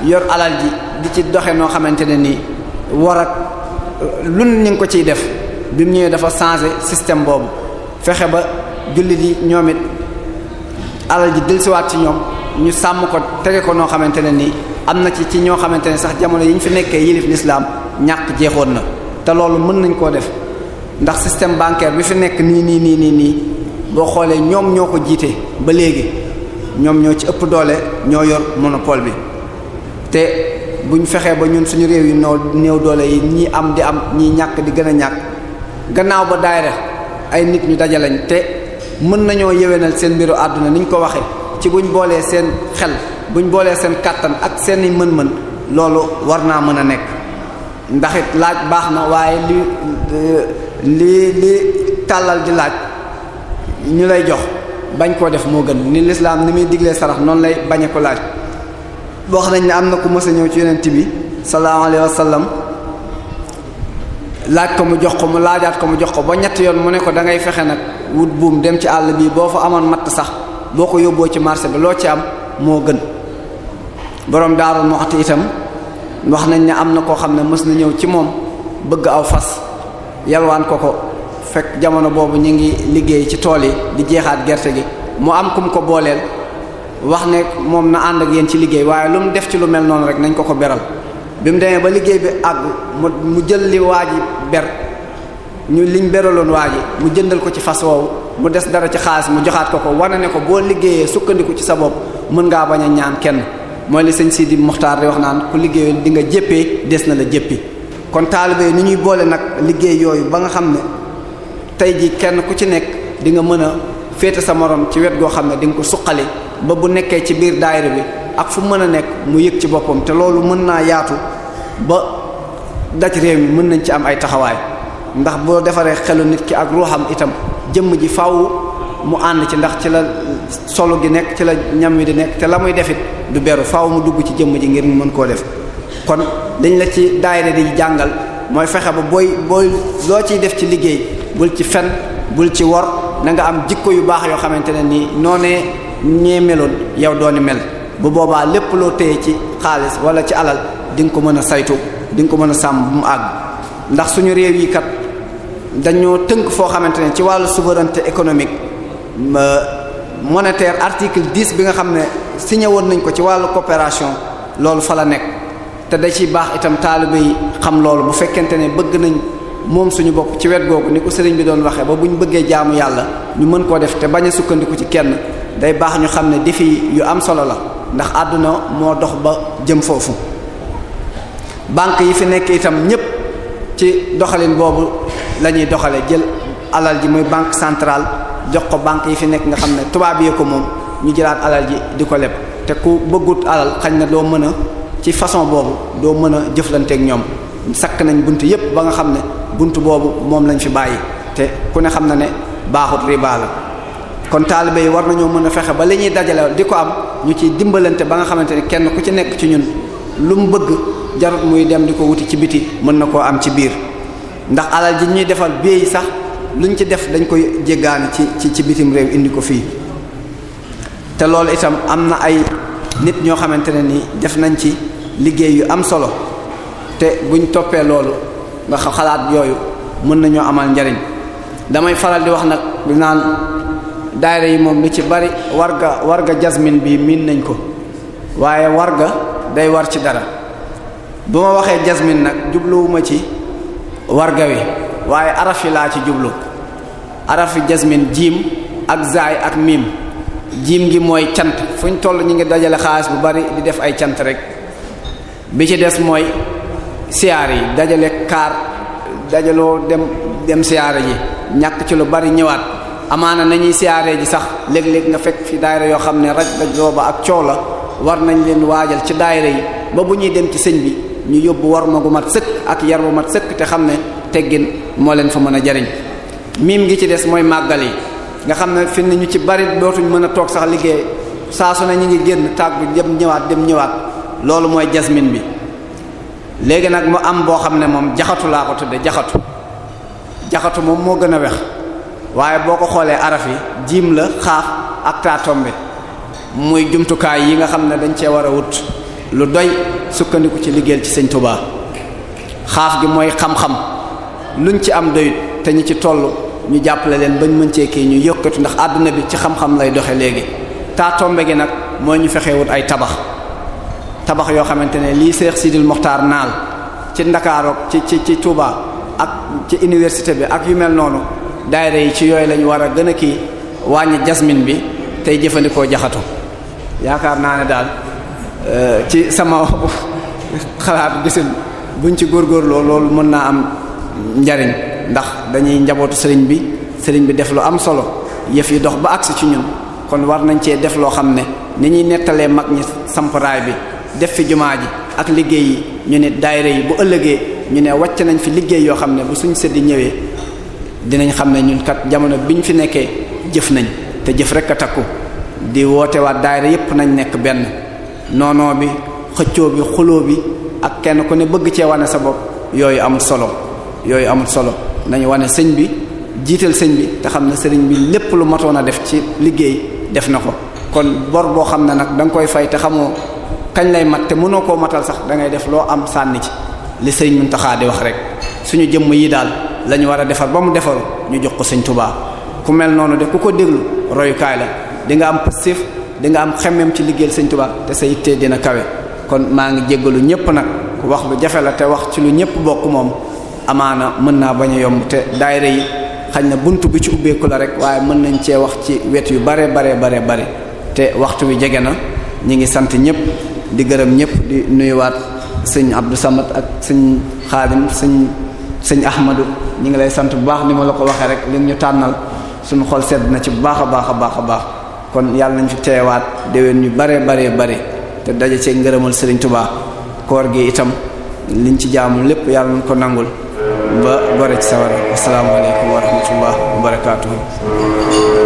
yi yor alal ji di ci doxe noo xamante ne nii war ak lun ko ciy def bi mu ñëwee dafa changé système boobu fexe ba jullit yi ñoom it alal ji dellusiwaat ci ñoom ñu sàmm ko tege ko noo xamante ne nii am na ci ci ñoo xamante ne sax jamono yi ñu fi nekkee yilif lislaam ñàkk jeexoon na te loolu mën nañ koo def ndax système bancaire bi fi nekk nii nii nii nii nii boo xoolee ñoom ñoo ko jiite ba léegi ñoom ñoo ci ëpp doole ñoo yor monopole bi te buñ fexee ba ñun suñu réew yi noo néew doole yi ñii am di am ñii ñàkk di gën a ñàkk gannaaw ba daayira ay nit ñu dajaleñ te mën nañoo yewenal seen mbiru àdduna niñ ko waxee ci buñ boolee seen xel buñ boolee seen kàttan ak seeni mën-mën loolu war naa mën a nekk ndaxit laaj baax na waaye li li li tàllal di laaj ñu lay jox bañ koo def moo gën ni lislaam ni muy diglee sarax noonu lay bañee ko laaj wax nañ ne am na ku mës a ñëw ci yonent bi sallallahu alayhi wa laaj ko mu jox ko mu laajaat ko mu jox ko ba ñett yoon mu ne ko dangay fexe nag wut buum dem ci àll bii boo fa amoon matt sax boo ko yóbboo ci marché bi loo ci am moo gën boroom Daaru Muxti itam wax nañ ne am na koo xam ne mës na ñëw ci moom bëgg aw fas yalwaan ko ko fekk jamono boobu ñu ngi liggéey ci tool yi di jeexaat gerte gi mu am ku mu ko booleel wax ne moom na ànd ak yéen ci liggéey waaye lu mu def ci lu mel noonu rek nañ ko ko beral bi mu demee ba liggéey bi àgg mu mu jël li waa ji ber ñu liñ beraloon waa yi mu jëndal ko ci fas woowu mu des dara ci xaalis mu joxaat ko ko wane ne ko boo liggéeyee sukkandiku ci sa bopp mën ngaa bañ a ñaan kenn mooy li sëñ Sidi Muxtaar di wax naan ku liggéeyoon di nga jéppee des na la jéppi tey jii kenn ku ci nekk di nga mën a féete sa morom ci wet goo xam ne di nga ko suqali ba bu nekkee ci biir daayira bi ak fu mën a nekk mu yëg ci boppam te loolu mën naa yaatu ba daj réew mi mën nañ ci am ay taxawaay ndax boo defaree xelu nit ki ak ruuxam itam jëmm ji faw mu ànd ci ndax ci la solo gi nekk ci la ñam wi di nekk te la muy def it du beru faw mu dugg ci jëmm ji ngir mu mën koo def kon dañ la ci daayira di jàngal mooy fexe ba booy booy loo ciy def ci liggéey bul ci fen bul ci wor na nga am jikko yu baax yoo xamante ne nii noonee ñee meloon yow dooni mel bu boobaa lépp loo téye ci xaalis wala ci alal di nga ko mën a sayto dinga ko mën a sàmm bu mu àgg ndax suñu réew yi kat dañoo tënk foo xamante ne ci wàllu souveraineté économique monétaire article 10 bi nga xam ne signé woon nañ ko ci wàllu coopération loolu fa la nekk te da ciy baax itam taalibe yi xam loolu bu fekkente ne bëgg nañ moom suñu bopp ci wet googu ni ko sëriñ bi doon waxee ba bu ñu bëggee jaamu yàlla ñu mën koo def te bañ a sukkandiku ci kenn day baax ñu xam ne défi yu am solo la ndax àdduna moo dox ba jëm foofu banque yi fi nekk itam ñépp ci doxalin boobu la ñuy doxale jël alal ji muy banque centrale jox ko banque yi fi nekk nga xam ne tubaab yee ko moom ñu jëlaat alal ji di ko leb te ku bëggut alal xañ na doo mën a ci façon boobu doo mën a jëflanteek ñoom sakk nañ bunt yépp ba nga xam ne bunt boobu moom lañ fi bàyyi te ku ne xam na ne baaxut riba la kon taalibe yi war nañoo mën a fexe ba li ñuy dajale di ko am ñu ci dimbalante ba nga xamante ni kenn ku ci nekk ci ñun lu mu bëgg jarut muy dem di ko wuti ci biti mën na koo am ci biir ndax alal ji ñuy defal bieyi sax luñ ci def dañ koy jéggaani ci ci ci bitim réew indi ko fii te loolu itam am na ay nit ñoo xamante ne ni def nañ ci liggéey yu am solo te buñ toppee loolu nga xalaat yooyu mën nañoo amal njariñ damay faral di wax nag di naan daayira yi moom li ci bari warga warga jasmin bi miin nañ ko waaye warga day war ci dara bu ma waxee jasmin nag jubluwuma ci warga wi waaye araf yi laa ci jublu arafi jasmin jiim ak zaay ak miim jiim gi mooy cant fu ñu toll ñu ngi dajale xaalis bu bari di def ay cant rek bi ci des mooy siyaar yi dajale kaar dajaloo dem dem siyaare ji ñàkk ci lu bari ñëwaat amaana nañuy siyaaree ji sax léeg-léeg nga fekk fi daayira yoo xam ne raj raj rooba ak coow la war nañ leen waajal ci daayira yi ba ñuy dem ci sëñ bi ñu yóbbu war ma mat ak yar bu mat sëkk te xam ne teggin moo leen fa mën a jariñ miim gi ci des mooy màggal yi nga xam ne fi ñu ci bari dootuñ mën a toog sax liggéey saa su ñu ngi génn tàggu dem ñëwaat dem ñëwaat loolu mooy jasmin bi léegi nag mu am boo xam ne moom jaxatu laa ko tudde jaxatu jaxatu moom moo gën a wex waaye boo ko xoolee araf yi jiim la xaaf ak taa muy jumtukaay yi nga xam ne dañ cee war a wut lu doy sukkandiku ci liggéeyal ci sëñ Tuubaa xaaf gi mooy xam-xam luñ ci am doyut te ñu ci toll ñu jàppale leen bañ mën cee kii ñu yëkkatu ndax àdduna bi ci xam-xam lay doxe léegi taa gi nag mooy ñu fexee wut ay tabax tabax yoo xamante ne lii Cheikh Sidil Mokhtar naal ci Ndakaarook ci ci ci Touba ak ci université bi ak yu mel noonu daayira yi ci yooyu lañu war a gën a kii wàññi jasmine bi tey jëfandikoo jaxatu yaakaar naa ne daal euh, ci sama <laughs> xalaat gisin buñ ci góorloo loolu mën naa am njariñ ndax dañuy njabootu sëriñ bi sëriñ bi def lu am solo yëf yi dox ba agsi ci ñun kon war nañ cee def loo xam ne ni ñuy nettalee mag ñi samp bi def fi jumaa ji ak liggéey yi ñu ne daayira yi bu ëllëgee ñu ne wàcc nañ fi liggéey yoo xam ne bu suñ sëddi ñëwee dinañ xam ne ñun kat jamono biñ fi nekkee jëf nañ te jëf rek a takku di woote waat daayira yépp nañ nekk benn noonoo bi xëccoo bi xuloo bi ak kenn ku ne bëgg cee wane sa bopp yooyu amul solo yooyu amul solo nañu wane sëñ bi jiital sëñ bi te xam ne sëriñ bi lépp lu matoon a def ci liggéey def na ko kon bor boo xam ne nag da koy fay te kañ lay mat te mënoo koo matal sax da ngay def loo am sànni ci li sëriñ Muntaxa di wax rek suñu jëmm yii daal lañu war a defar ba mu defaru ñu jox ko sëñ Tuubaa ku mel noonu de ku ko déglu royukaay la di nga am passif di nga am xemmem ci liggéeyal sëñ Tuubaa te sa yitte dina kawe kon maa ngi jéggalu ñépp nag wax lu jafe la te wax ci lu ñépp bokk moom amaana mën naa bañ a yomb te daayira yi xañ na bunt bi ci ubbeeku la rek waaye mën nañ cee wax ci wet yu bare bare bare bare te waxtu wi jege na ñi ngi sant ñépp di gërëm ñëpp di nuyuwaat sëñ abdu Samad ak sëñ Xaadim sëñ sëñ Ahmadu ñu ngi lay sant bu baax ni ma la ko waxee rek li ñu tànnal suñu xol sedd na ci bu baax a baax a baax a baax kon yàlla nañ fi teewaat déwén ñu bare bare bare te daje cee ngërëmal sëriñ Touba koor gi itam liñ ci jaamu lépp yàlla nañ ko nangul ba gore ci sawar asalaamaaleykum wa rahmatullah wa barakaatuhu